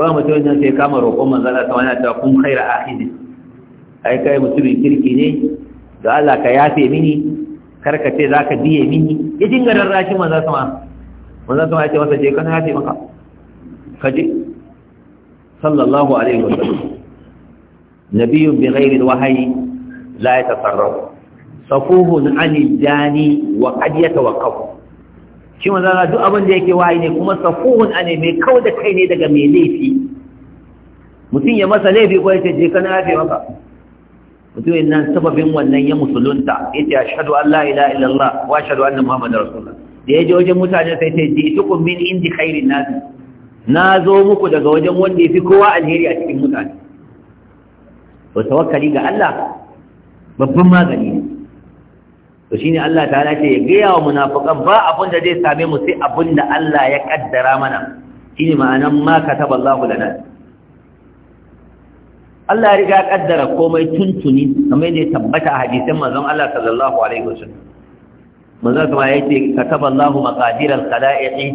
kuma mutum nan sai kama roƙon manzo Allah sama wani ta kun khaira akhidin ai kai mutumin kirki ne da Allah ka yafe mini karkace ce zaka biye mini ya dinga rarrashi manzo sama wannan sun ake masa je kana ya taimaka ka je sallallahu alaihi wa sallam nabiyyu bi ghairi alwahyi la yatasarrafu safuhun ani jani wa qad yatawaqqafu shi manzon duk abin da yake wahayi ne kuma safuhun ani mai kau da kai ne daga mai laifi mutum ya masa laifi ko yace je kana ya taimaka mutum nan sababin wannan ya musulunta yace ashhadu an la ilaha illallah wa ashhadu anna muhammadar rasulullah da ya je wajen mutane sai sai ji tukun min indi khairin nas na zo muku daga wajen wanda yafi kowa alheri a cikin mutane to tawakkali ga Allah babban magani ne to shine Allah ta'ala ce ya gaya wa munafiqan ba abun da zai same mu sai abun da Allah ya kaddara mana shine ma'anan ma kataba Allah lana Allah ya riga kaddara komai tuntuni kamar yadda ya tabbata a hadisin manzon Allah sallallahu alaihi wasallam manzo kuma yace kataba Allahu maqadir al-khalaiqi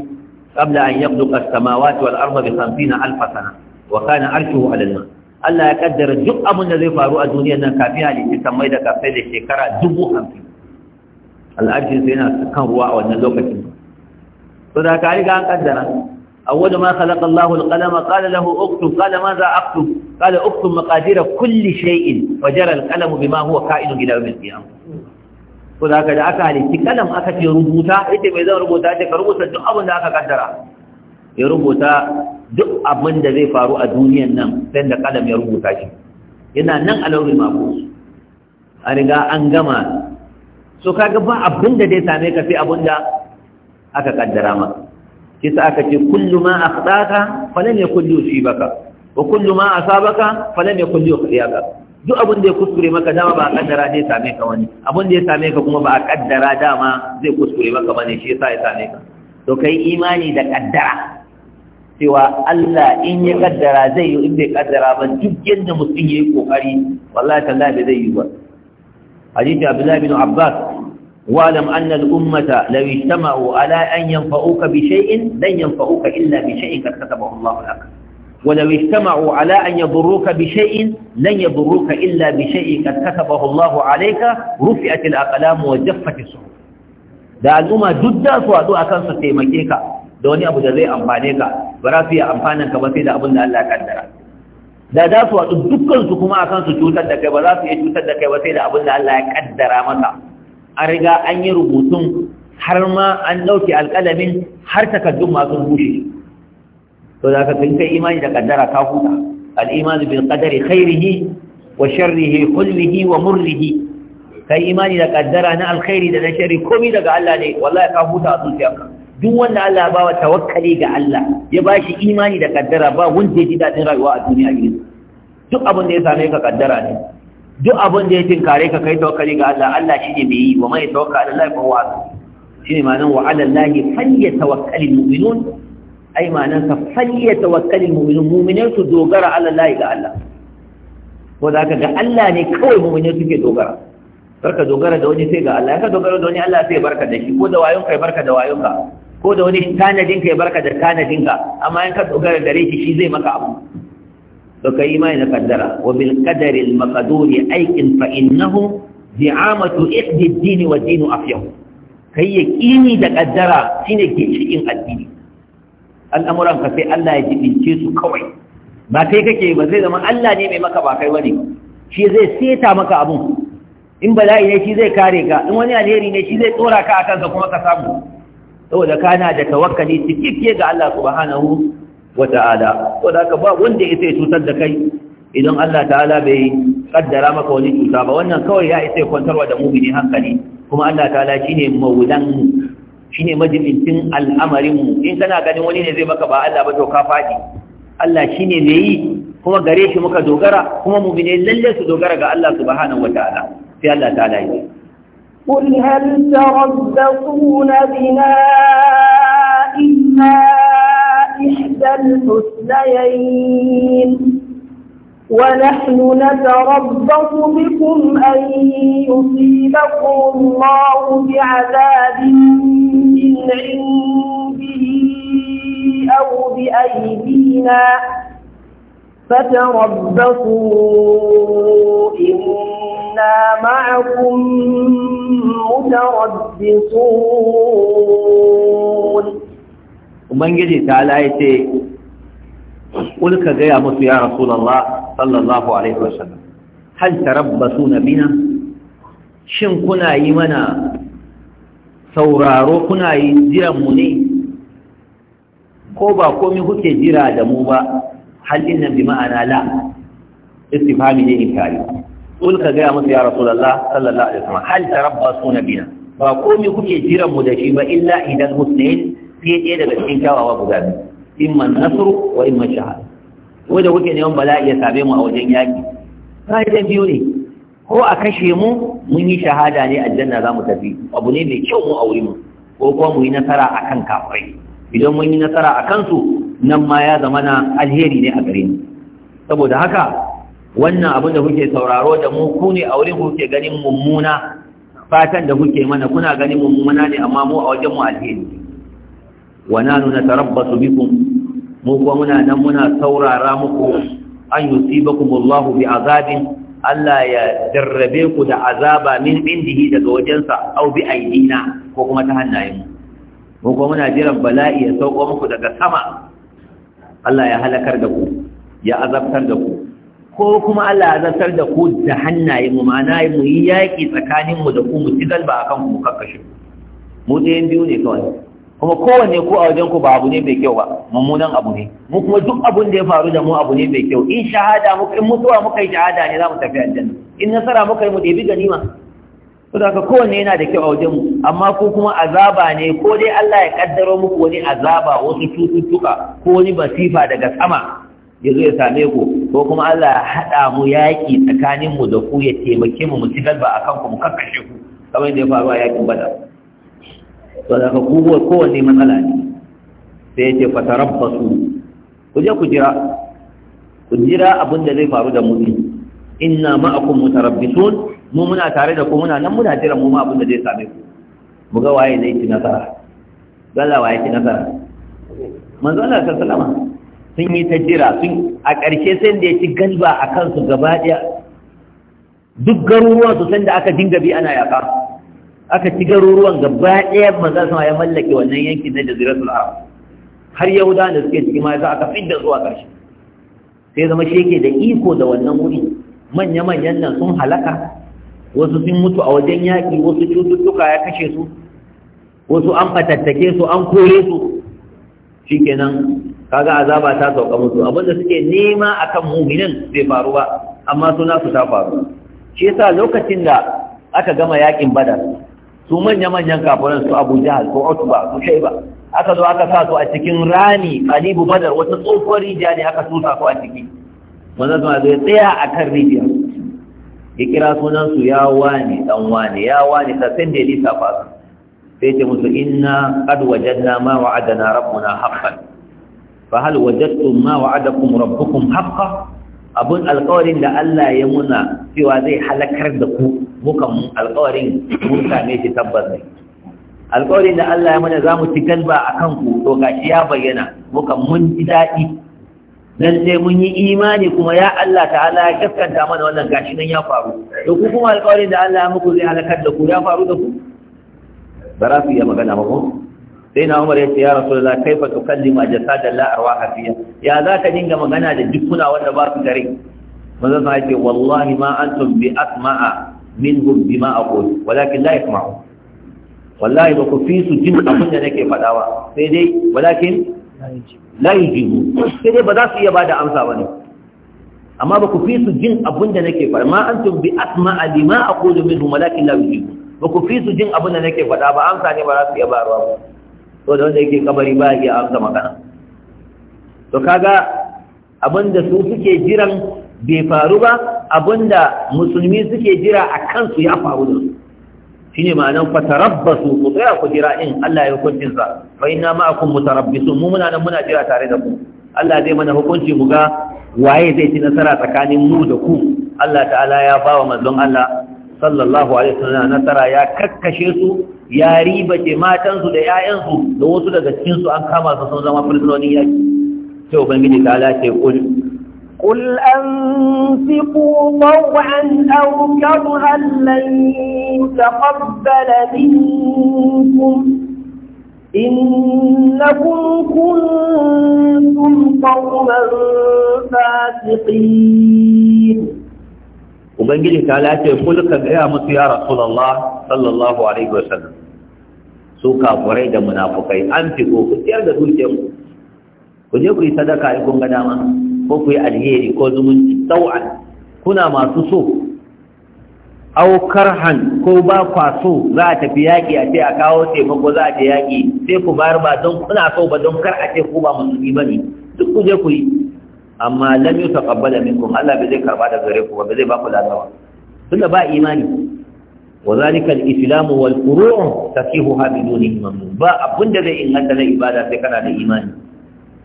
qabla an yakhluqa as-samawati wal arda bi 50000 sana wa kana arshuhu 'ala al-ma Allah ya kaddara duk abin da zai faru a duniya nan kafin halitta ta mai da kafai da shekara 50 al-arshi sai yana kan ruwa a wannan lokacin to da ka riga an kaddara awwal ma khalaqa Allahu al-qalam qala lahu uktub qala ma za aktub qala uktub maqadir kulli shay'in fajara al-qalam bima huwa ka'inun ila yawm al-qiyamah ko da ka da aka halitti kalam aka ce rubuta ita mai zan rubuta ce ka rubuta duk abin da aka kaddara ya rubuta duk abin da zai faru a duniyan nan sai da kalam ya rubuta shi yana nan a laurin mako a riga an gama so kaga ba abin da zai same ka sai abin da aka kaddara maka kisa aka ce kullu ma akhtaka falam yakun yusibaka wa kullu ma asabaka falam yakun yukhziyaka duk abin da ya kuskure maka dama ba a kaddara zai same ka wani abin da ya same ka kuma ba a kaddara dama zai kuskure maka bane shi yasa ya same ka to kai imani da kaddara cewa Allah in ya kaddara zai yi in bai kaddara ba duk yadda mutum yayi kokari wallahi tallahi bai zai yi ba hadisi Abdullah bin Abbas واعلم أن الأمة لو اجتمعوا على أن ينفعوك بشيء لن ينفعوك إلا بشيء قد كتبه الله لك ولو اجتمعوا على أن يضروك بشيء لن يضروك إلا بشيء قد كتبه الله عليك رفعت الأقلام وجفت الصحف da al'umma duk da su haɗu a kansu taimake ka da wani abu da zai amfane ka ba za su yi amfanin ka ba sai da abin da Allah kaddara da za su haɗu dukkan su kuma a kansu cutar da kai ba za su iya cutar da kai ba sai da abin da Allah ya kaddara maka an riga an yi rubutun har ma an ɗauke alƙalamin har takaddun masu bushe to da ka tun kai imani da kaddara ka huta al-imanu bil qadari khairihi wa sharrihi kullihi wa murrihi kai imani da kaddara na alkhairi da na sharri komai daga Allah ne wallahi ka huta a zuciyarka duk wanda Allah ya bawa tawakkali ga Allah ya bashi imani da kaddara ba wanda ya ji dadin rayuwa a duniya ne duk abin da ya same ka kaddara ne duk abin da ya tinkare ka kai tawakkali ga Allah Allah shine mai yi wa mai tawakkala Allah fa huwa shine ma'anar wa ala Allah falyatawakkalul mu'minun ai ma'anar sa falliya tawakkalin mu'minin mu'minin su dogara ala lahi ga Allah ko za ka ga Allah ne kawai mu'minin suke dogara barka dogara da wani sai ga Allah ya ka dogara da wani Allah sai barka da shi ko da wayon kai barka da wayon ka ko da wani tanadin kai barka da tanadin ka amma in ka dogara gare shi shi zai maka abu to kai imani na kaddara wa bil qadari al maqduri aikin fa innahu di'amatu iqdi ad-din wa dinu afyah kai yaqini da kaddara shine ginshikin addini al'amuran ka sai Allah ya jibince su kawai ba kai kake ba zai zama Allah ne mai maka ba kai wani shi zai seta maka abun in bala'i ne shi zai kare ka in wani alheri ne shi zai tsora ka a kansa kuma ka samu saboda kana da tawakkali cikakke ga Allah subhanahu wata'ala saboda ka ba wanda ya sai cutar da kai idan Allah ta'ala bai kaddara maka wani cuta ba wannan kawai ya isa kwantarwa da mumini hankali kuma Allah ta'ala shine maulan shine majalisin al'amarinmu in kana ganin wani ne zai maka ba Allah ba to ka faɗi. Allah shine ne yi kuma gare shi muka dogara kuma mu'mine lalle su dogara ga Allah subhanahu wataala sai Allah ta'ala yi قل هل تربصون بنا إلا إحدى الحسنيين ونحن نتربص بكم أن يصيبكم الله بعذاب من عنده أو بأيدينا فتربصوا إنا معكم متربصون Ubangiji ta ce, Ulka gaya musu ya Rasulallah sallallahu Alaihi wasallam, hal tarabbasu na bina, shin kuna yi mana sauraro kuna yi jiranmu ne ko ba komi kuke jira da mu ba halin nan bi ma'ana la istifami ne inkari ul ka gaya masa ya rasulullah sallallahu alaihi wasallam hal suna bina ba komi kuke jiran mu da shi ba illa idan husnain sai ɗaya daga cikin kyawawa guda biyu imma nasru wa imma shahada wanda kuke neman bala'i ya same mu a wajen yaki sai biyu ne ko a kashe mu mun yi shahada ne aljanna za mu tafi abu ne mai kyau mu aure mu ko kuma mu yi nasara a kan kafirai idan mun yi nasara a kansu nan ma ya zama na alheri ne a gare mu saboda haka wannan abin da kuke sauraro da mu ku ne aure ku ke ganin mummuna fatan da kuke mana kuna ganin mummuna ne amma mu a wajen mu alheri wa nanu natarabbasu bikum mu kuma muna nan muna saurara muku an yusibakumullahu bi azabin Allah ya jarrabe ku da azaba min indihi daga wajensa au bi aidina ko kuma ta hannayen mu ko muna jiran bala'i ya sauko muku daga sama Allah ya halakar da ku ya azabtar da ku ko kuma Allah ya azabtar da ku da hannayen mu ma'ana mu yi yaki tsakanin mu da ku mu ci galba akan mu kakkashe mu dai biyu ne kawai kuma kowanne ko a wajen ku ba abu ne mai kyau ba mummunan abu ne mu kuma duk abun da ya faru da mu abu ne mai kyau in shahada muka in mutuwa muka yi shahada ne za mu tafi aljanna in nasara muka yi mu bi ganima to da ka kowanne yana da kyau a wajen mu amma ko kuma azaba ne ko dai Allah ya kaddaro muku wani azaba wasu cututtuka ko wani basifa daga sama ya zo ya same ku ko kuma Allah ya haɗa mu yaki tsakanin mu da ku ya taimake mu mu ci galba akan ku mu kakkashe ku kamar yadda ya faru a yaƙin badar to da ka kuwa kowanne matsala ne sai ya ce fatarabbasu ku je ku jira ku jira abin da zai faru da mutum inna ma'akum mutarabbisun mu muna tare da ku muna nan muna jira mu ma abin da zai same ku mu ga waye zai ci nasara zalla waye ci nasara manzo Allah sallallahu alaihi wasallam sun yi ta jira sun a ƙarshe sai da ya ci galba a kansu gaba ɗaya duk garuruwan su san da aka dinga bi ana yaƙa aka ci garuruwan gaba ɗaya manzan sama ya mallake wannan yankin na jaziratul arab har yahuda da suke ciki ma za aka fidda zuwa ƙarshe sai zama shi yake da iko da wannan wuri manya-manyan nan sun halaka wasu sun mutu a wajen yaƙi wasu cututtuka ya kashe su wasu an fatattake su an kore su shikenan kaga azaba ta sauka musu da suke nema a kan muminin zai faru ba amma suna su ta faru shi yasa lokacin da aka gama yakin badar su manya-manyan kafiran su abu jihar ko ba su ba aka zo aka sa su a cikin rami, alibu badar wata tsohuwar rijiya ne aka tusa su a ciki wanda suna zai tsaya a kan rijiya ya kira sunan su ya wani dan wani ya wani ta san da lisa fa sai ce musu inna qad wajadna ma wa'adana rabbuna haqqan fa hal wajadtum ma wa'adakum rabbukum haqqan abun alƙawarin da Allah ya muna cewa zai halakar da ku mukan alƙawarin mun same shi tabbas ne alƙawarin da Allah ya mana za mu ci galba a kanku to gashi ya bayyana mukan mun ji daɗi dan sai mun yi imani kuma ya Allah ta'ala ya gaskanta mana wannan gashi nan ya faru to ku kuma alƙawarin da Allah ya muku zai halakar da ku ya faru da ku ba za su iya magana ba ko sai na umar ya ce ya rasu da kai fa tukalli ma jasadar la'arwa hafiya ya za ka dinga magana da jikuna wanda ba su gare manzan sa ce wallahi ma an tumbi asma'a minhum bima aqul walakin la yasma'u wallahi ba ku fi su jin abin da nake faɗa sai dai walakin la yujibu sai dai ba za su iya bada amsa bane amma ba ku fi su jin abin da nake faɗa ma antum bi a lima aqulu minhum walakin la yujibu ba ku fi su jin abin da nake faɗa ba amsa ne ba za su iya barwa ba to da wanda yake kabari ba iya amsa magana to kaga abinda su suke jiran bai faru ba abinda musulmi suke jira a kansu ya faru da su Shi shine ma'anan fatarabbasu ku tsaya ku jira in Allah ya hukuncin sa fa inna ma'akum mu muna nan muna jira tare da ku Allah zai mana hukunci mu ga waye zai ci nasara tsakanin mu da ku Allah ta'ala ya bawa manzon Allah sallallahu alaihi wasallam nasara ya kakkashe su ya riba matan su da ƴaƴan da wasu daga cikin su an kama su sun zama fulfuloni yaki sai ubangiji ta ta'ala ce kul قل أنفقوا طوعا أو كرها لن يتقبل منكم إنكم كنتم قوما فاسقين Ubangiji ta lace kulka gaya musu ya Rasulallah sallallahu Alaihi sallam, su kafurai da munafukai an fi ku ku da dukiyar ku je ku yi sadaka in kun ga dama ko ku yi alheri ko zumunci tsawon kuna masu so aukar han ko ba kwa so za a tafi yaƙi a ce a kawo taimako za a ce yaƙi sai ku bayar ba don kuna so ba don kar a ce ku ba musulmi ba ne duk ku je ku yi amma lam yi da minkum Allah bai zai karɓa da gare ku ba bai zai ba ku lalawa tunda ba imani islamu وذلك takihu والفروع تفيهها ba abunda zai inganta na ibada sai kana da imani.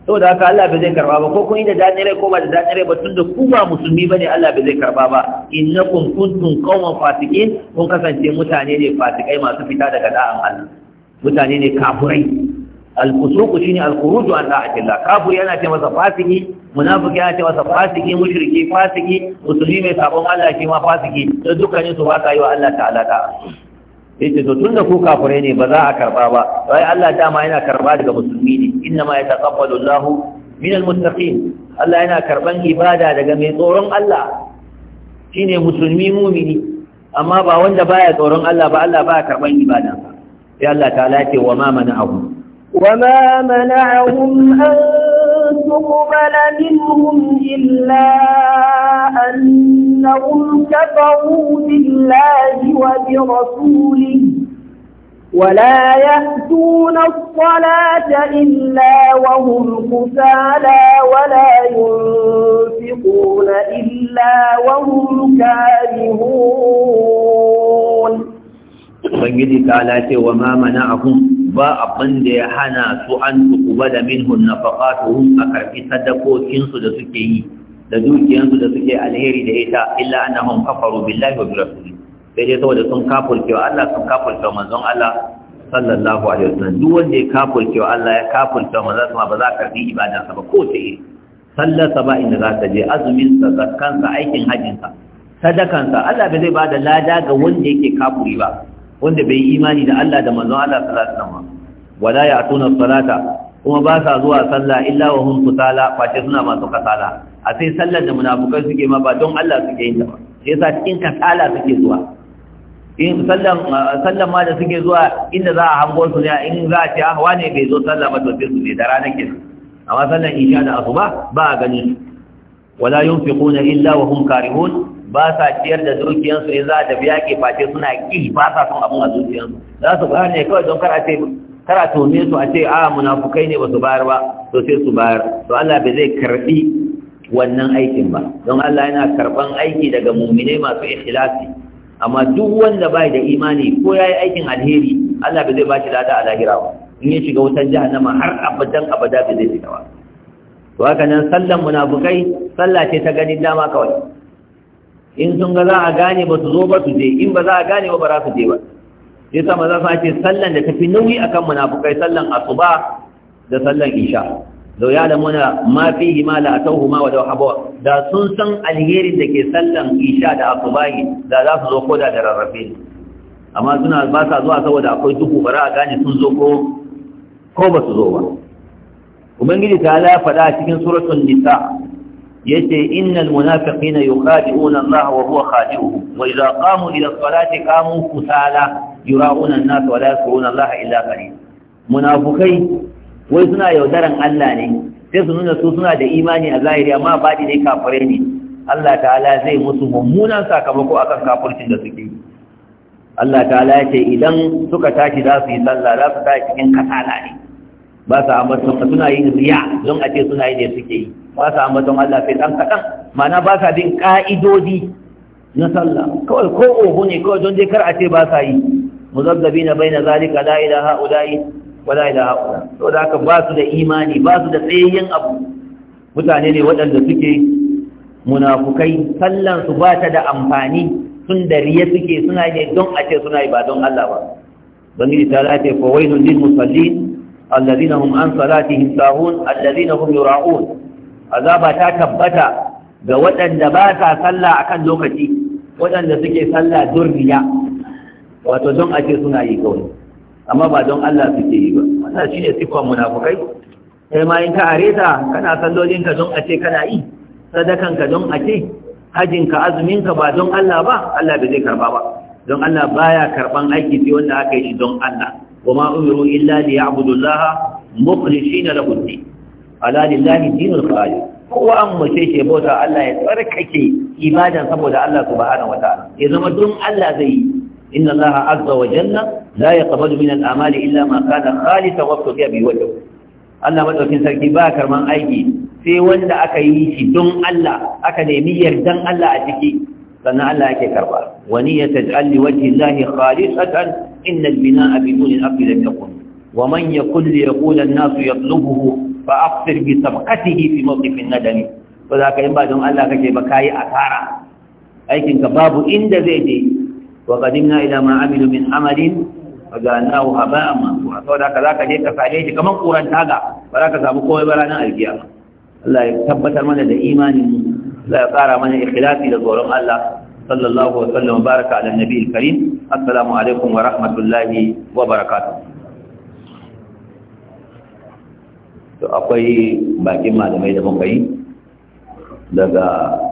saboda haka Allah bai zai karba ba ko kun yi da dadin ko ba da dadin ba tunda ku ba musulmi bane Allah bai zai karba ba innakum kuntum qauman fasikin kun kasance mutane ne fasikai masu fita daga da'an Allah mutane ne kafurai al-fusuq shine al khuruju an da'atillah kafiri yana ce masa fasiki munafiki yana ce masa fasiki mushriki fasiki musulmi mai sabon Allah shi ma fasiki to dukkanin su ba ka yi wa Allah ta'ala ta'a yace to tunda ku kafirai ne ba za a karba ba sai Allah dama yana karba daga musulmi ne inna ma yataqabbalu Allahu minal muttaqin Allah yana karban ibada daga mai tsoron Allah shine musulmi mu'mini amma ba wanda baya tsoron Allah ba Allah baya karban ibada sai Allah ta'ala ce wa ma mana'ahum wa ma mana'ahum an tuqbala minhum illa an أنهم كفروا بالله وبرسوله ولا يأتون الصلاة إلا وهم كسالى ولا ينفقون إلا وهم كارهون Ubangiji ta lace wa ma mana'ahum ba abin da ya hana su an tuqbala na nafaqatuhum a karfi sadakokinsu da suke yi da dukiyansu da suke alheri da ita illa annahum kafaru billahi wa bi rasulihi sai dai saboda sun kafurce wa Allah sun kafurce manzon Allah sallallahu alaihi wasallam duk wanda ya kafurce wa Allah ya kafurce wa manzon Allah ba za ka bi ibadarsa ba ko ta iri sallar sa ba inda za ta je azumin sa zakkan sa aikin hajjin sa sadakan sa Allah bai zai ba da lada ga wanda yake kafuri ba wanda bai yi imani da Allah da manzon Allah sallallahu alaihi wasallam wala ya'tuna salata kuma ba sa zuwa sallah illa wa hum kusala face suna masu kasala a sai sallar da munafukai suke ma ba don Allah suke yin ta ba sai yasa cikin kasala suke zuwa in sallan sallan ma da suke zuwa inda za a hango su ne in za a ce ah wane bai zo sallah ba to sai su ne da ranar kenan amma sallan isha da asuba ba a gani wala yunfiquna illa wa hum karihun ba sa ciyar da dukiyansu in za a tafi yaƙi face suna ki ba sa son abun a su za su bayar ne kawai don kar a ce kar a su a ce a ah, munafukai ne ba su bayar ba to sai su bayar to Allah bai zai karbi wannan aikin ba don Allah yana karban aiki daga mu'mine masu ikhlasi amma duk wanda bai da imani ko yayi aikin alheri Allah ba zai bashi lada a lahira ba in ya shiga wutar jahannama har abadan abada bai zai shiga ba to haka nan sallan munafikai sallah ce ta ganin dama kawai in sun ga za a gane ba su zo ba su je in ba za a gane ba ba za su je ba sai sa maza sa ce sallan da tafi nauyi akan munafikai sallan asuba da sallan isha lau ya muna mafi fihi ma la atawhuma wa dawhabawa da sun san alherin da ke sallan isha da asubahi da za su zo koda da rarrafe amma suna ba sa zuwa saboda akwai duhu bara a gane sun zo ko ko ba su zo ba ubangiji ta ala faɗa a cikin suratul nisa yace innal munafiqina yukhadi'una Allah wa huwa khadi'uhum wa idza qamu ila as-salati qamu kusala yura'una an-nas wa la yadhkuruna Allah illa qalila munafiqai wai suna yaudaran Allah ne sai su nuna su suna da imani a zahiri amma baɗi ne kafirai ne Allah ta'ala zai musu mummunan sakamako akan kafircin da suke Allah ta'ala ya ce idan suka tashi za su yi sallah za su tashi cikin kasala ne ba su ambaton suna yin riya don a ce suna yi ne suke yi ba su ambaton Allah sai ɗan kaɗan mana ba sa bin ƙa'idodi na sallah kawai ko oho ne kawai don dai kar a ce ba sa yi muzabzabi na bai na zalika la ilaha ula'i wala ila haƙura to da haka ba su da imani ba su da tsayayyen abu mutane ne waɗanda suke munafukai sallan su ba ta da amfani sun riya suke suna yi don a ce suna yi ba don Allah ba don yi ta lafe fa wailun lil musallin alladhina hum an salatihim sahun na hum yura'un azaba ta tabbata ga waɗanda ba sa sallah akan lokaci waɗanda suke sallah durriya wato don a ce suna yi kawai amma ba don Allah suke yi ba wannan shine sifan munafukai kai ma in ka areta kana sallolin ka don a ce kana yi sadakan ka don a ce hajin ka azumin ka ba don Allah ba Allah bai zai karba ba don Allah baya karban aiki sai wanda aka yi shi don Allah wama umiru illa liya'budullaha mukhlishina lahu din ala lillahi dinul khalid kowa an mace shi bauta Allah ya tsarkake ibadan saboda Allah subhanahu wataala ya zama don Allah zai yi inna Allah azza wa jalla la yaqbalu min al-amali illa ma kana khalisa wa tuqiya bi wajh Allah madaukin sarki ba karman aiki sai wanda aka yi shi don Allah aka nemi yardan Allah a ciki sannan Allah yake karba wa niyyatan alli wajhi Allah khalisatan innal binaa bidun al-abd lam yakun wa man yakul yaqulu an-nas yatlubuhu fa aqsir bi sabqatihi fi mawqif an-nadami to zaka in ba don Allah kake ba kai asara aikin ka babu inda zai je wa qadimna ila ma amilu min amalin Wa a haba'an mansura saboda za zaka je ka sare shi kamar kuran taga ba za ka samu komai ba ranar aljiya. Allah ya tabbatar mana da imani Allah ya tsara mana ikhlasi da tsoron Allah sallallahu wa sallam baraka ala nabi karim assalamu alaikum wa rahmatullahi wa barakatuh to akwai bakin malamai da muka daga